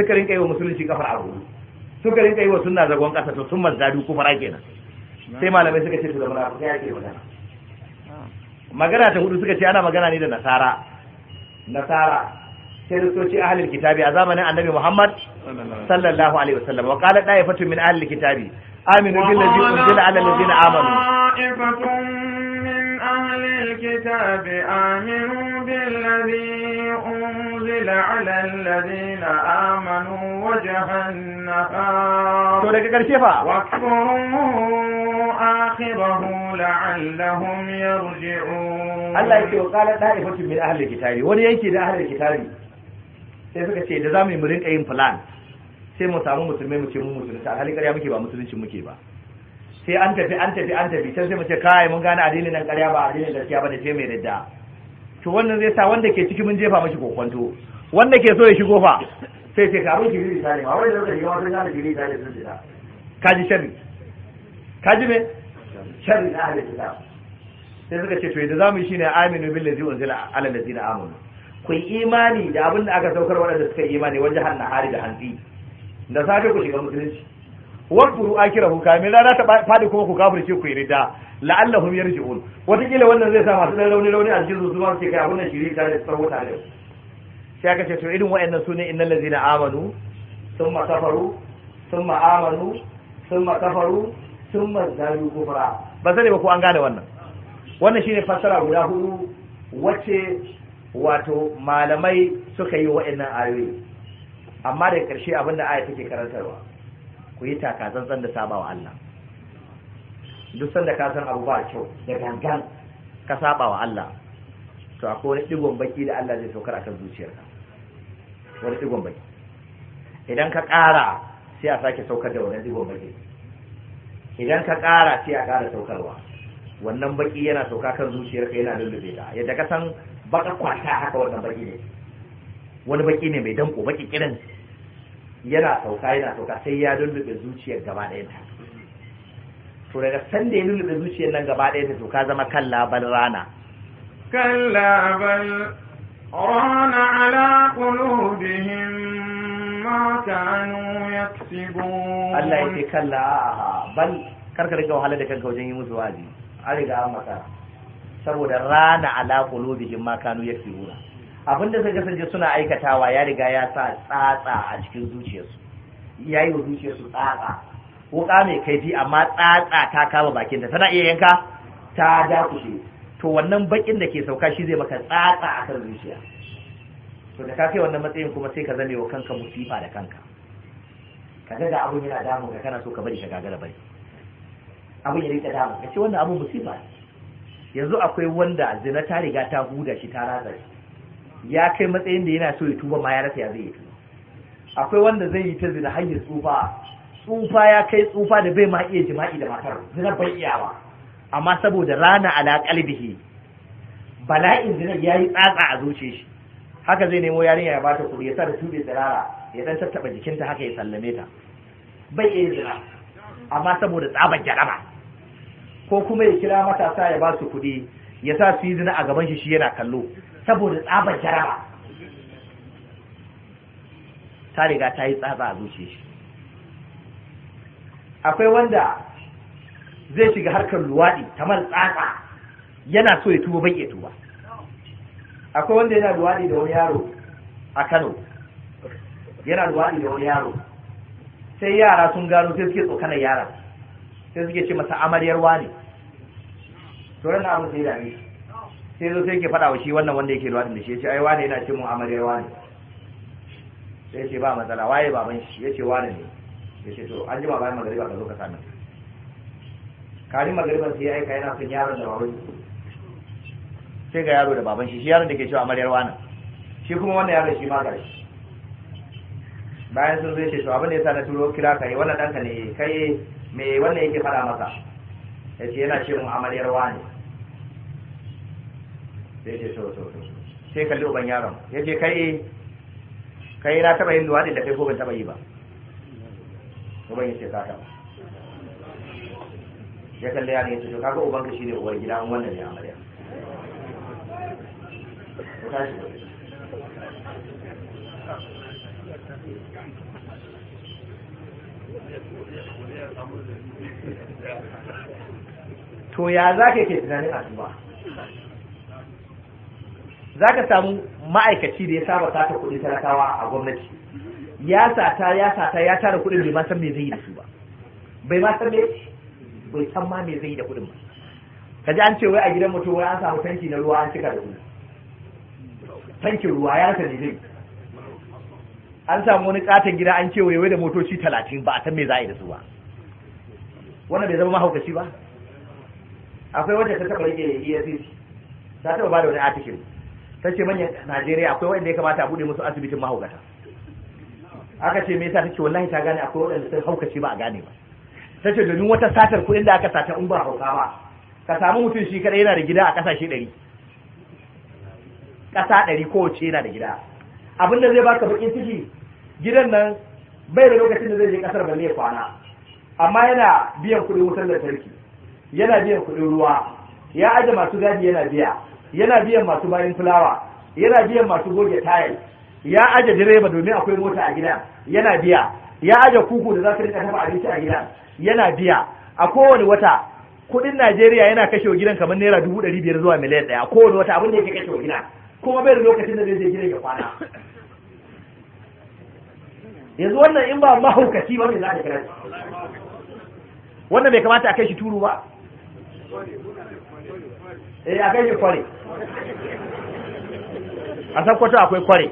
suka rinka yi wa musulunci kafar a rubu suka rinka yi wa sunna zagon kasa to sun mazdadu kufara kenan sai malamai suka ce to da ya ake magana magana ta hudu suka ce ana magana ne da nasara nasara soci ahlul kitabi a zamanin annabi Muhammad sallallahu alaihi wasallam wa qala fatu min ahlil kitabi aminu billazi unzila ala alladhina amanu أهل الكتاب آمنوا بالذي أنزل على الذين آمنوا وجه النهار واكفروا آخره لعلهم يرجعون الله يقول قال طائفة من أهل الكتاب ولي yanki أهل الكتاب sai suka ce da zamu mu rinka yin plan sai mu samu musulmai mu ce mu musulunci alhali ƙarya muke ba musulunci muke ba sai an tafi an tafi an tafi sai mu ce kai mun gane addinin nan ƙarya ba addinin gaskiya ba da ce mai ridda to wannan zai sa wanda ke ciki mun jefa mashi kokonto wanda ke so ya shigo fa sai ce ka ruki jiri sai ma wanda ka shiga wata gane jiri tare sun sai ka ji sharri ka ji me sharri na ahli kitab sai suka ce to yadda zamu yi shine aminu billazi unzila ala allazina amanu ku yi imani da abin da aka saukar waɗanda suka yi imani wajen hannu hari da hanzi da safe ku shiga musulunci akira akirahu kamin rana ta fadi kuma ku kafirce ku yarda la'allahum yarji'un watakila wannan zai sa masu dan rauni rauni a jirgin zuwa ce kai abun nan shiri ta da tsaro ta da shi aka ce to irin wayannan sune innal ladina amanu thumma kafaru thumma amanu thumma kafaru thumma zalu kufra ba zai ba ko an gane wannan wannan shine fassara guda hudu wacce wato malamai suka yi wayannan ayoyi amma da karshe abinda aya take karantarwa ku yi zan da sabawa Allah duk sanda ka san abu ba kyau da gangan ka sabawa Allah to akwai wani digon baki da Allah zai saukar akan zuciyarka wani digon baki idan ka ƙara sai a sake saukar da wannan digon baki idan ka ƙara sai a ƙara saukarwa wannan baki yana sauka kan zuciyarka yana lullube ta yadda ka san baka kwata haka wannan baki ne wani baki ne mai danko baki kiran yana sauka yana sauka sai ya lullube zuciyar gaba ɗaya ta to daga sanda ya lullube zuciyar nan gaba ɗaya ta to ka zama kan labar rana kan labar rana ala qulubihim ma kanu yaksibun Allah yake kalla a'a bal karka rika wahala da kanka wajen yi musu wazi an riga an maka saboda rana ala qulubihim ma kanu yaksibuna abin da suka kasance suna aikatawa ya riga ya sa tsatsa a cikin zuciyarsu ya yi wa zuciyarsu tsatsa wuka mai kaifi amma tsatsa ta kama bakin da tana iya yanka ta dakushe to wannan bakin da ke sauka shi zai maka tsatsa a kan zuciya to da ka kai wannan matsayin kuma sai ka zame wa kanka musifa da kanka ka ga da abun yana damun ka kana so ka bari ka gagara bari abun ya rika damu. ka ce wannan abun musifa yanzu akwai wanda zina ta riga ta huda shi ta ratsa shi ya kai matsayin da yana so ya tuba ma ya rasa ya zai yi tuba akwai wanda zai yi ta zina hanyar tsufa tsufa ya kai tsufa da bai ma iya jima'i da matar zina bai ba amma saboda rana ala kalbihi bala'in zinar ya yi tsatsa a zuce shi haka zai nemo yarinya ya bata kuri ya sa da tube rara ya dan tattaba jikinta haka ya sallame ta bai iya zina amma saboda tsabar jaraba ko kuma ya kira matasa ya ba su kuɗi ya sa su yi zina a gaban shi shi yana kallo saboda tsabar jaraba ta riga ta yi tsatsa a zuciya shi akwai wanda zai shiga harkar luwaɗi kamar tsatsa yana so ya tuba bai tuba akwai wanda yana luwaɗi da wani yaro a Kano yana luwaɗi da wani yaro sai yara sun gano sai suke tsokanar yara sai suke ce masa amaryar wani to ran abin sai dame shi sai zo sai ke faɗa wa shi wannan wanda yake ruwa da shi ya ce ai wane yana ce mun amare wane sai ce ba matsala waye baban shi ya ce wane ne ya ce to an jima bayan magariba ka zo ka sami kari magariban sai ya aika yana son yaron da baban sai ga yaro da baban shi shi yaron da ke cewa amare wane shi kuma wannan yaron shi ma shi. bayan sun zai ce to abin da sa na turo kira kai wannan ɗanka ne kai me wannan yake faɗa masa ya ce yana ce mun amaryar wani sai ce so so so sai kalli uban yaron ya ce kai kai na taba yin ne da kai ko taba yi ba uban ya ce ka taba ya kalli yaron ya ce to kaga uban ka ne uwar gida an wannan ne amarya to ya za ka ke tunanin asuba za ka samu ma'aikaci da ya saba sata kuɗin talakawa a gwamnati ya sata ya sata ya tara kuɗin bai ma san me zai yi da su ba bai ma san me bai san ma me zai yi da kuɗin ba ka ji an ce wai a gidan mutum wai an samu tanki na ruwa an cika da ruwa tankin ruwa ya san ne zai an samu wani katon gida an ce wai da motoci talatin ba a san me za a yi da su ba wannan bai zama mahaukaci ba akwai wanda ta taɓa rike EFCC ta taɓa ba da wani atikin ta ce manyan najeriya akwai wanda ya kamata a bude musu asibitin mahaukata aka ce me yasa ta wallahi ta gane akwai wanda sun haukace ba a gane ba ta ce domin wata satar kuɗin da aka sata in ba hauka ba ka samu mutum shi kadai yana da gida a ƙasashe ɗari ƙasa ɗari kowace yana da gida abin da zai baka bakin ciki gidan nan bai da lokacin da zai je ƙasar balle kwana amma yana biyan kuɗin wutar lantarki yana biyan kuɗin ruwa ya aje masu gadi yana biya yana biyan masu bayan fulawa yana biyan masu goge tayil ya aje direba domin akwai mota a gida yana biya ya aje kuku da za su rika dafa abinci a gida yana biya a kowane wata kuɗin Najeriya yana kashe gidan kamar naira dubu ɗari biyar zuwa miliyan ɗaya kowane wata abin da yake kashewa gida kuma bai da lokacin da zai je gidan ya kwana yanzu wannan in ba mahaukaci ba mai za ta kira wannan bai kamata a kai shi turu ba eh akai ne kware a sakkwato akwai kware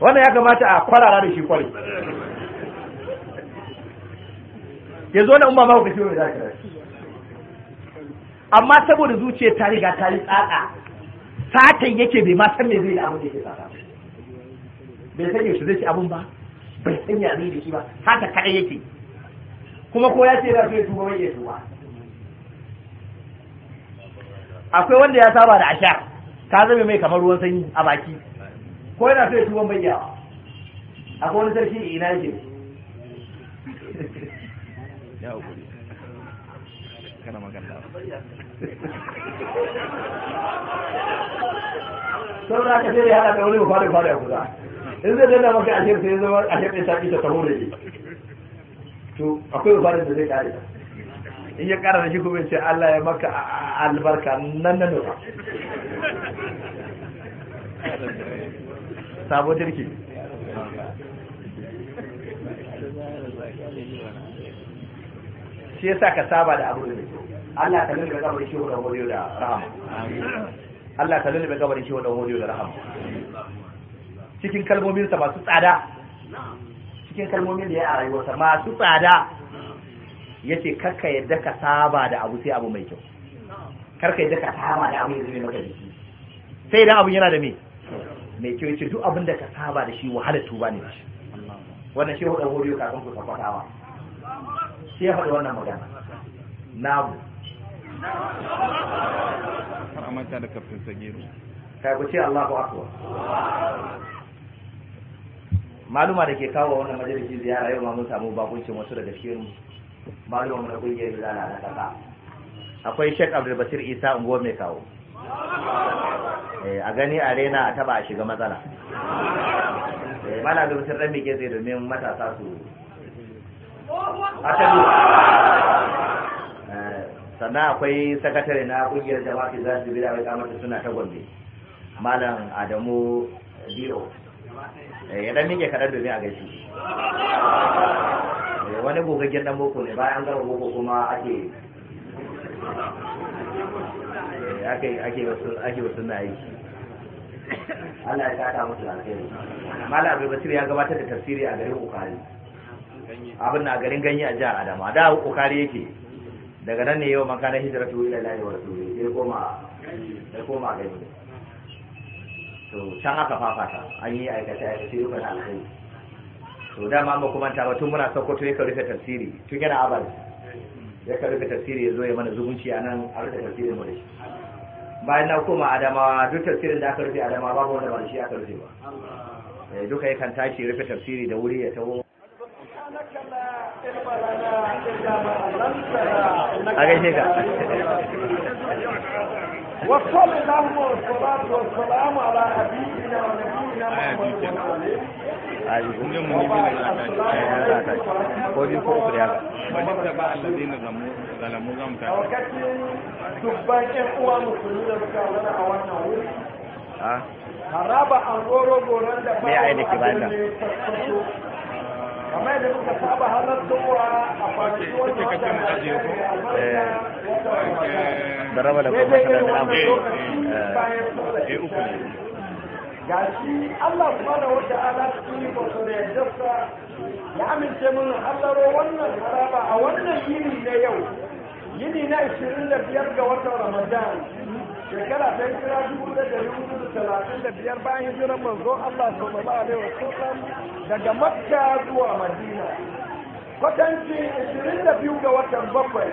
wannan ya kamata a kwarara da shi kware ya zo na umma ma ku ciwo da amma saboda zuciya ta riga ta yi tsada satan yake bai ma san me zai da abin da yake tsada bai san yaushe zai ci abin ba bai san ya zai da shi ba haka kadai yake kuma ko ya ce za su yi tuba bai iya tuba akwai wanda ya saba da asha ka zame mai kamar ruwan sanyi a baki ko yana so ya tuban bayyawa akwai wani sarki ina yake ya hukuri kana magana sau da aka sai ya haɗa da wani mafarin fara ya kusa in zai dana maka ashe sai zama ashe ɗin ta ita ta hore ne to akwai mafarin da zai ƙare in ya kara da shi kuma ce Allah ya maka albarka nan nan da sabo jirki shi sa ka saba da abu Allah ka lulluɓe gabar shi wadda hodiyo da rahama Allah ka lulluɓe gabar shi wadda hodiyo da rahama cikin kalmominsa masu tsada cikin kalmomin da ya a rayuwarsa masu tsada yace karka yadda ka saba da abu sai abu mai kyau karka yadda ka saba da abu zai maka jiki sai idan abu yana da me mai kyau yace duk abin da ka saba da shi wahala tuba ne shi wannan shi hudan horiyo kafin ku tafatawa shi ya faɗi wannan magana nabu har amanta da kafin sagero kai ku ce Allahu akbar maluma da ke kawo wannan majalisi ziyara yau ma mun samu bakuncin wasu daga cikin malum mai kungiyar da na kasa akwai Sheikh Abdul Basir Isa unguwar mai kawo eh, a gani a rena a taba a shiga matsala mana da mutum ran bike zai domin matasa su asali eh, sannan akwai sakatare na kungiyar jama'a za su bi mai kamata suna ta gombe malam adamu biyo. Eh, ya dan mike kaɗan domin a gaishe wani gogaggen dan boko ne bayan gama boko kuma ake ake ake wasu ake wasu na yi Allah ya kada musu alheri Malam Abu Basir ya gabatar da tafsiri a garin Ukari abin na garin ganye a jihar Adama da Ukari yake daga nan ne yau makanar hijiratu ila lahi wa rasuli sai koma sai koma gani to can aka fafata an yi ya aikace yau kana alheri to dama ba kuma ta tun muna sokoto ya rufe tafsiri tun yana abal ya rufe tafsiri ya zo ya mana zumunci a nan a rufe tafsirin mu da shi bayan na koma adama duk tafsirin da aka rufe adama babu wanda ba shi aka rufe ba eh, duka kan tashi rufe tafsiri da wuri ya taho a gaishe ka وصل اللهم والصلاة والسلام على أبينا ونبينا محمد وعليه a wakacin dubban yan a da a yi da kamar yadda muka saba halartowa a kwanaki wanda wata na ajiye ko eh, eh, da raba da kuma sanar da abu eh, eh uku ne ga shi Allah subhanahu wa ta'ala cikin wato da yaddarsa ya amince mun halaro wannan haraba a wannan yini na yau yini na 25 ga watan Ramadan shekara ta kira dubu da dari hudu da talatin da biyar bayan hijiran manzo Allah sallallahu alaihi wasallam daga Makka zuwa Madina kwatanci ashirin da biyu ga watan bakwai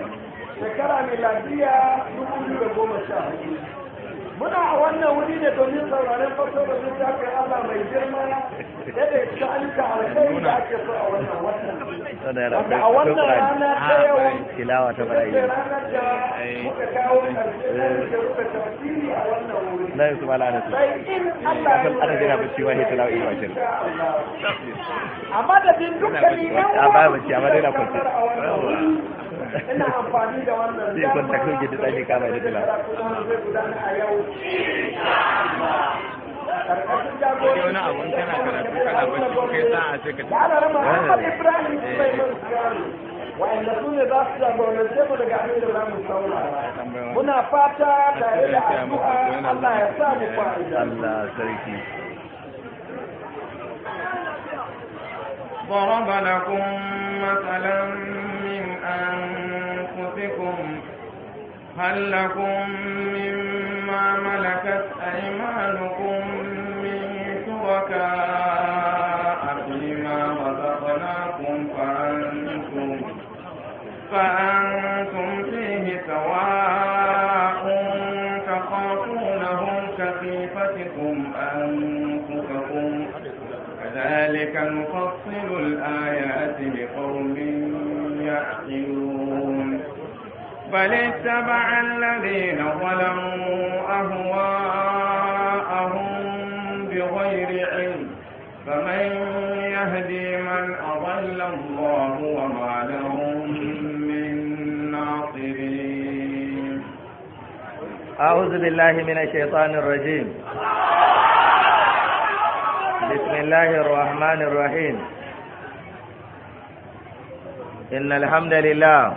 shekara miladiya dubu biyu da goma sha hudu muna a wannan wuri da domin sauraren fasarar littafin Allah mai girma da da ya ci da ake so a wannan wannan wanda a wannan rana ta ah, yau tilawa ta rana da muka kawo karshen da eh. rufe tafsiri a wannan wuri na yusu mala da su akan eh, ana yana bacci wa hita lawa iya wajen a madadin dukkanin yan ah, uwa a ba bacci a wannan akwai ina amfani da wannan zai kwanta kan gidi tsaki kama da tilawa zai gudana a yau karkashin jagoranci wani abu kana karatu kana bacci kai sa a ce ka ta ana rama Ahmad Ibrahim Sulaiman Gano wa'anda su ne za su jagorance mu daga abin da za mu saurara muna fata tare da addu'a Allah ya sa mu fa'ida Allah sarki ضرب لكم مثلا من أنفسكم هل لكم مما ملكت أيمانكم من شركاء فيما رزقناكم فأنتم فأنتم فيه سواء تخافونهم كخيفتكم أنفسكم كذلك نفصل الآيات لقوم بل اتبع الذين ظلموا أهواءهم بغير علم فمن يهدي من أضل الله وما لهم من ناصرين أعوذ بالله من الشيطان الرجيم بسم الله الرحمن الرحيم إن الحمد لله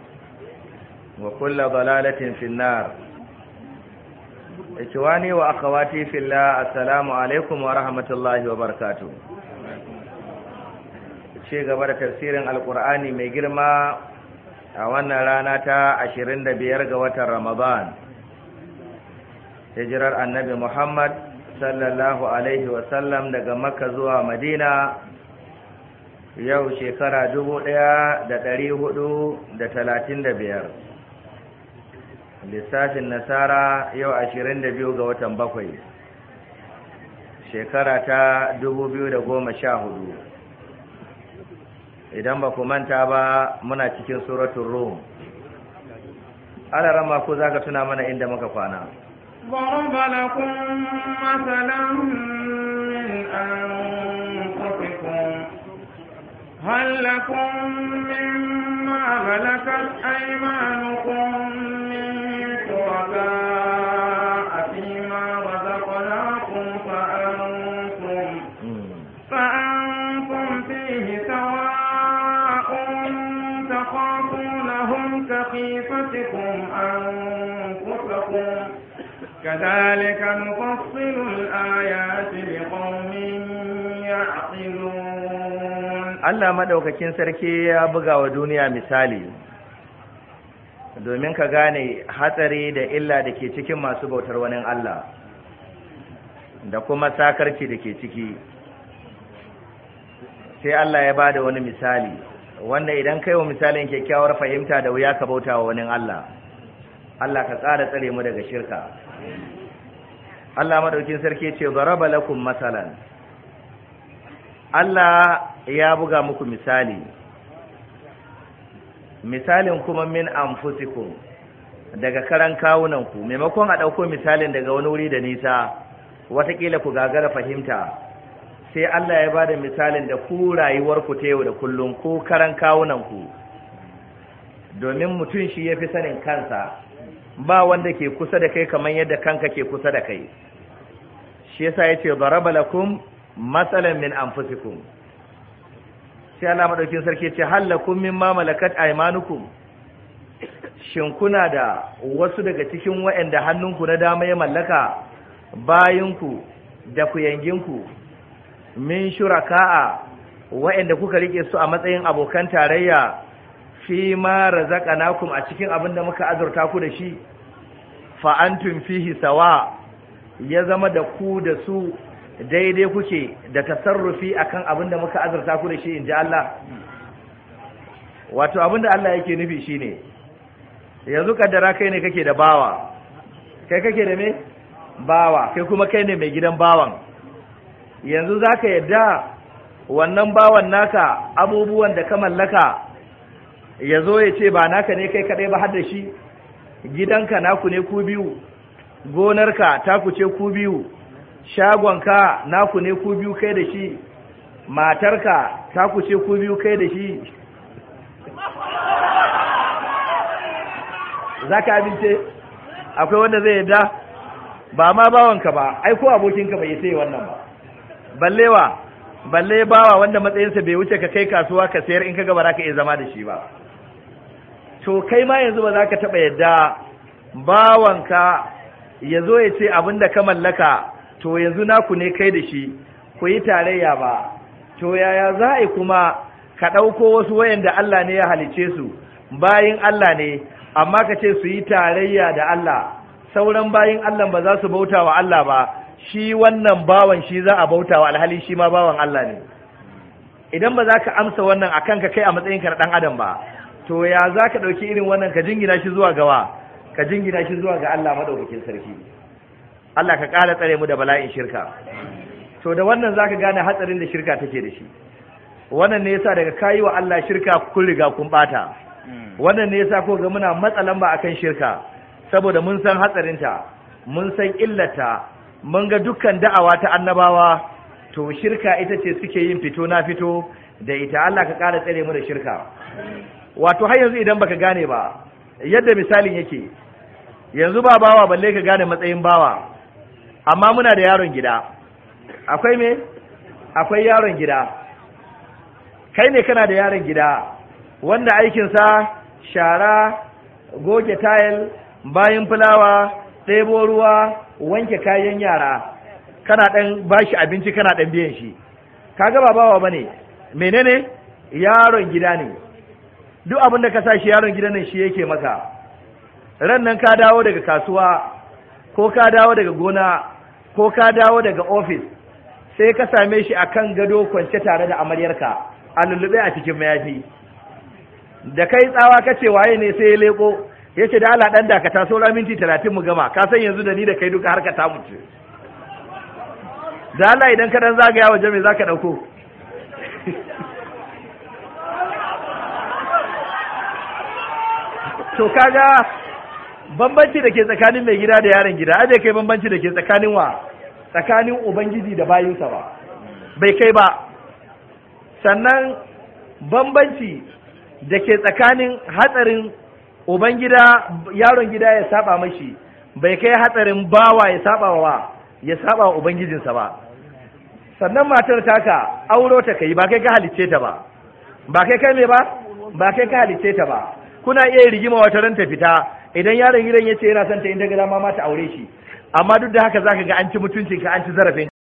wa kulla dalalatin finnar ikiwani wa akhawati fillah assalamu alaikum wa rahmatullahi wa barakatuh ce gaba da tafsirin alkur'ani mai girma a wannan rana ta 25 ga watan ramadan Hijrar annabi muhammad sallallahu alaihi wa sallam, daga makka zuwa madina yau shekara 1435 lissafin nasara yau ashirin da biyu ga watan bakwai shekara ta hudu. idan ba ku manta ba muna cikin suratun ruhu alarama ko za ka tuna mana inda muka kwana ضرب هل لكم مما ملكت أيمانكم وكذلك نفصل الآيات لقوم يعقلون الله مدوكاكين سركي يا بغا ودنيا مثالي domin ka gane hatsari da illa da ke cikin masu bautar wani Allah da kuma sakarci da ke ciki sai Allah ya ba da wani misali wanda idan kai wa misalin kyakkyawar fahimta da wuya ka bauta wa wani Allah Allah ka tsara tsare mu daga shirka Allah madaukin sarki ce zaraba lakum masalan Allah ya buga muku misali misalin kuma min anfusikum daga karan kawunanku maimakon a ɗauko misalin daga wani wuri da nisa watakila ku gagara fahimta sai Allah ya bada misalin da ku rayuwarku ta yau da kullum ko karan kawunanku domin mutum shi ya fi sanin kansa ba wanda ke kusa da kai kamar yadda kanka ke kusa da kai shi yasa yace daraba lakum masalan min anfusikum sai Allah madaukin sarki yace halakum mimma malakat aymanukum shin kuna da wasu daga cikin wa'anda hannunku na dama ya mallaka bayinku da ku kuyanginku min shuraka'a wa'anda kuka rike su a matsayin abokan tarayya fi ma razaqnakum a cikin abin da muka azurta ku da shi fa antum fihi sawa ya zama da ku da su daidai kuke da tasarrufi akan abin da muka azurta ku da shi inji Allah wato abin da Allah yake nufi shine yanzu kaddara kai ne kake da bawa kai kake da me bawa kai kuma kai ne mai gidan bawan yanzu zaka yadda wannan bawan naka abubuwan da ka mallaka ya zo ya ce ba naka ne kai kaɗai ba har da shi gidanka naku ne ku biyu gonarka taku ce ku biyu shagonka naku ne ku biyu kai da shi matarka taku ce ku biyu kai da shi za ka abince akwai wanda zai yadda ba ma bawanka ba ai ko abokinka bai sai wannan ba ballewa balle bawa wanda matsayinsa bai wuce ka kai kasuwa ka sayar in ka gaba za ka iya zama da shi ba to kai ma yanzu ba za ka taɓa yadda bawanka ya zo ya ce abin da ka mallaka to yanzu naku ne kai da shi ku yi tarayya ba to yaya za a yi kuma ka ɗauko wasu wayanda Allah ne ya halice su bayin Allah ne amma ka ce su yi tarayya da Allah sauran bayin Allah ba za su bauta wa Allah ba shi wannan bawan shi za a bauta wa alhali shi ma bawan Allah ne idan ba za ka amsa wannan akan ka kai a matsayinka na ɗan adam ba to ya za ka ɗauki irin wannan ka jingina shi zuwa gawa ka jingina shi zuwa ga Allah maɗaukakin sarki Allah ka ƙara tsare mu da bala'in shirka to da wannan za ka gane hatsarin da shirka take da shi wannan ne yasa daga kayi wa Allah shirka kun riga kun ɓata hmm. wannan ne yasa ko ga muna matsa lamba akan shirka saboda mun san hatsarinta mun san illata mun ga dukkan da'awa ta annabawa to shirka ita ce suke yin fito na fito da ita Allah ka ƙara tsare mu da shirka wato har yanzu idan baka gane ba yadda misalin yake yanzu ba bawa balle ka gane matsayin bawa amma muna da yaron gida akwai me akwai yaron gida kai ne kana da yaron gida wanda aikinsa shara goge tayil bayan fulawa ɗebo ruwa wanke kayan yara kana ɗan bashi abinci kana ɗan biyan shi kaga ba bawa bane menene yaron gida ne duk abinda ka sa shi yaron gidan nan shi yake maka ran nan ka dawo daga kasuwa ko ka dawo daga gona ko ka dawo daga ofis sai ka same shi akan gado kwance tare da amaryarka a lullube a cikin mayafi da kai tsawa ka ce waye ne sai ya leko ya ce da ala ɗan dakata saura minti talatin mu gama ka san yanzu da ni da kai duka harka ta mutu da Allah idan ka dan zagaya waje me ka ɗauko to kaga bambanci da ke tsakanin mai gida da yaron gida aje kai bambanci da ke tsakanin wa tsakanin ubangiji da bayinsa ba bai kai ba sannan bambanci da ke tsakanin hatsarin ubangida yaron gida ya saba mashi bai kai hatsarin bawa ya saba wa ya saba wa ubangijinsa ba sannan matar taka auro ta kai ba kai ka halicce ta ba ba kai kai me ba ba kai ka halicce ta ba kuna iya rigima wata ran ta fita idan yaron gidan ya ce yana son ta in daga dama ma ta aure shi amma duk da haka zaka ga an ci mutuncin ka an ci zarafin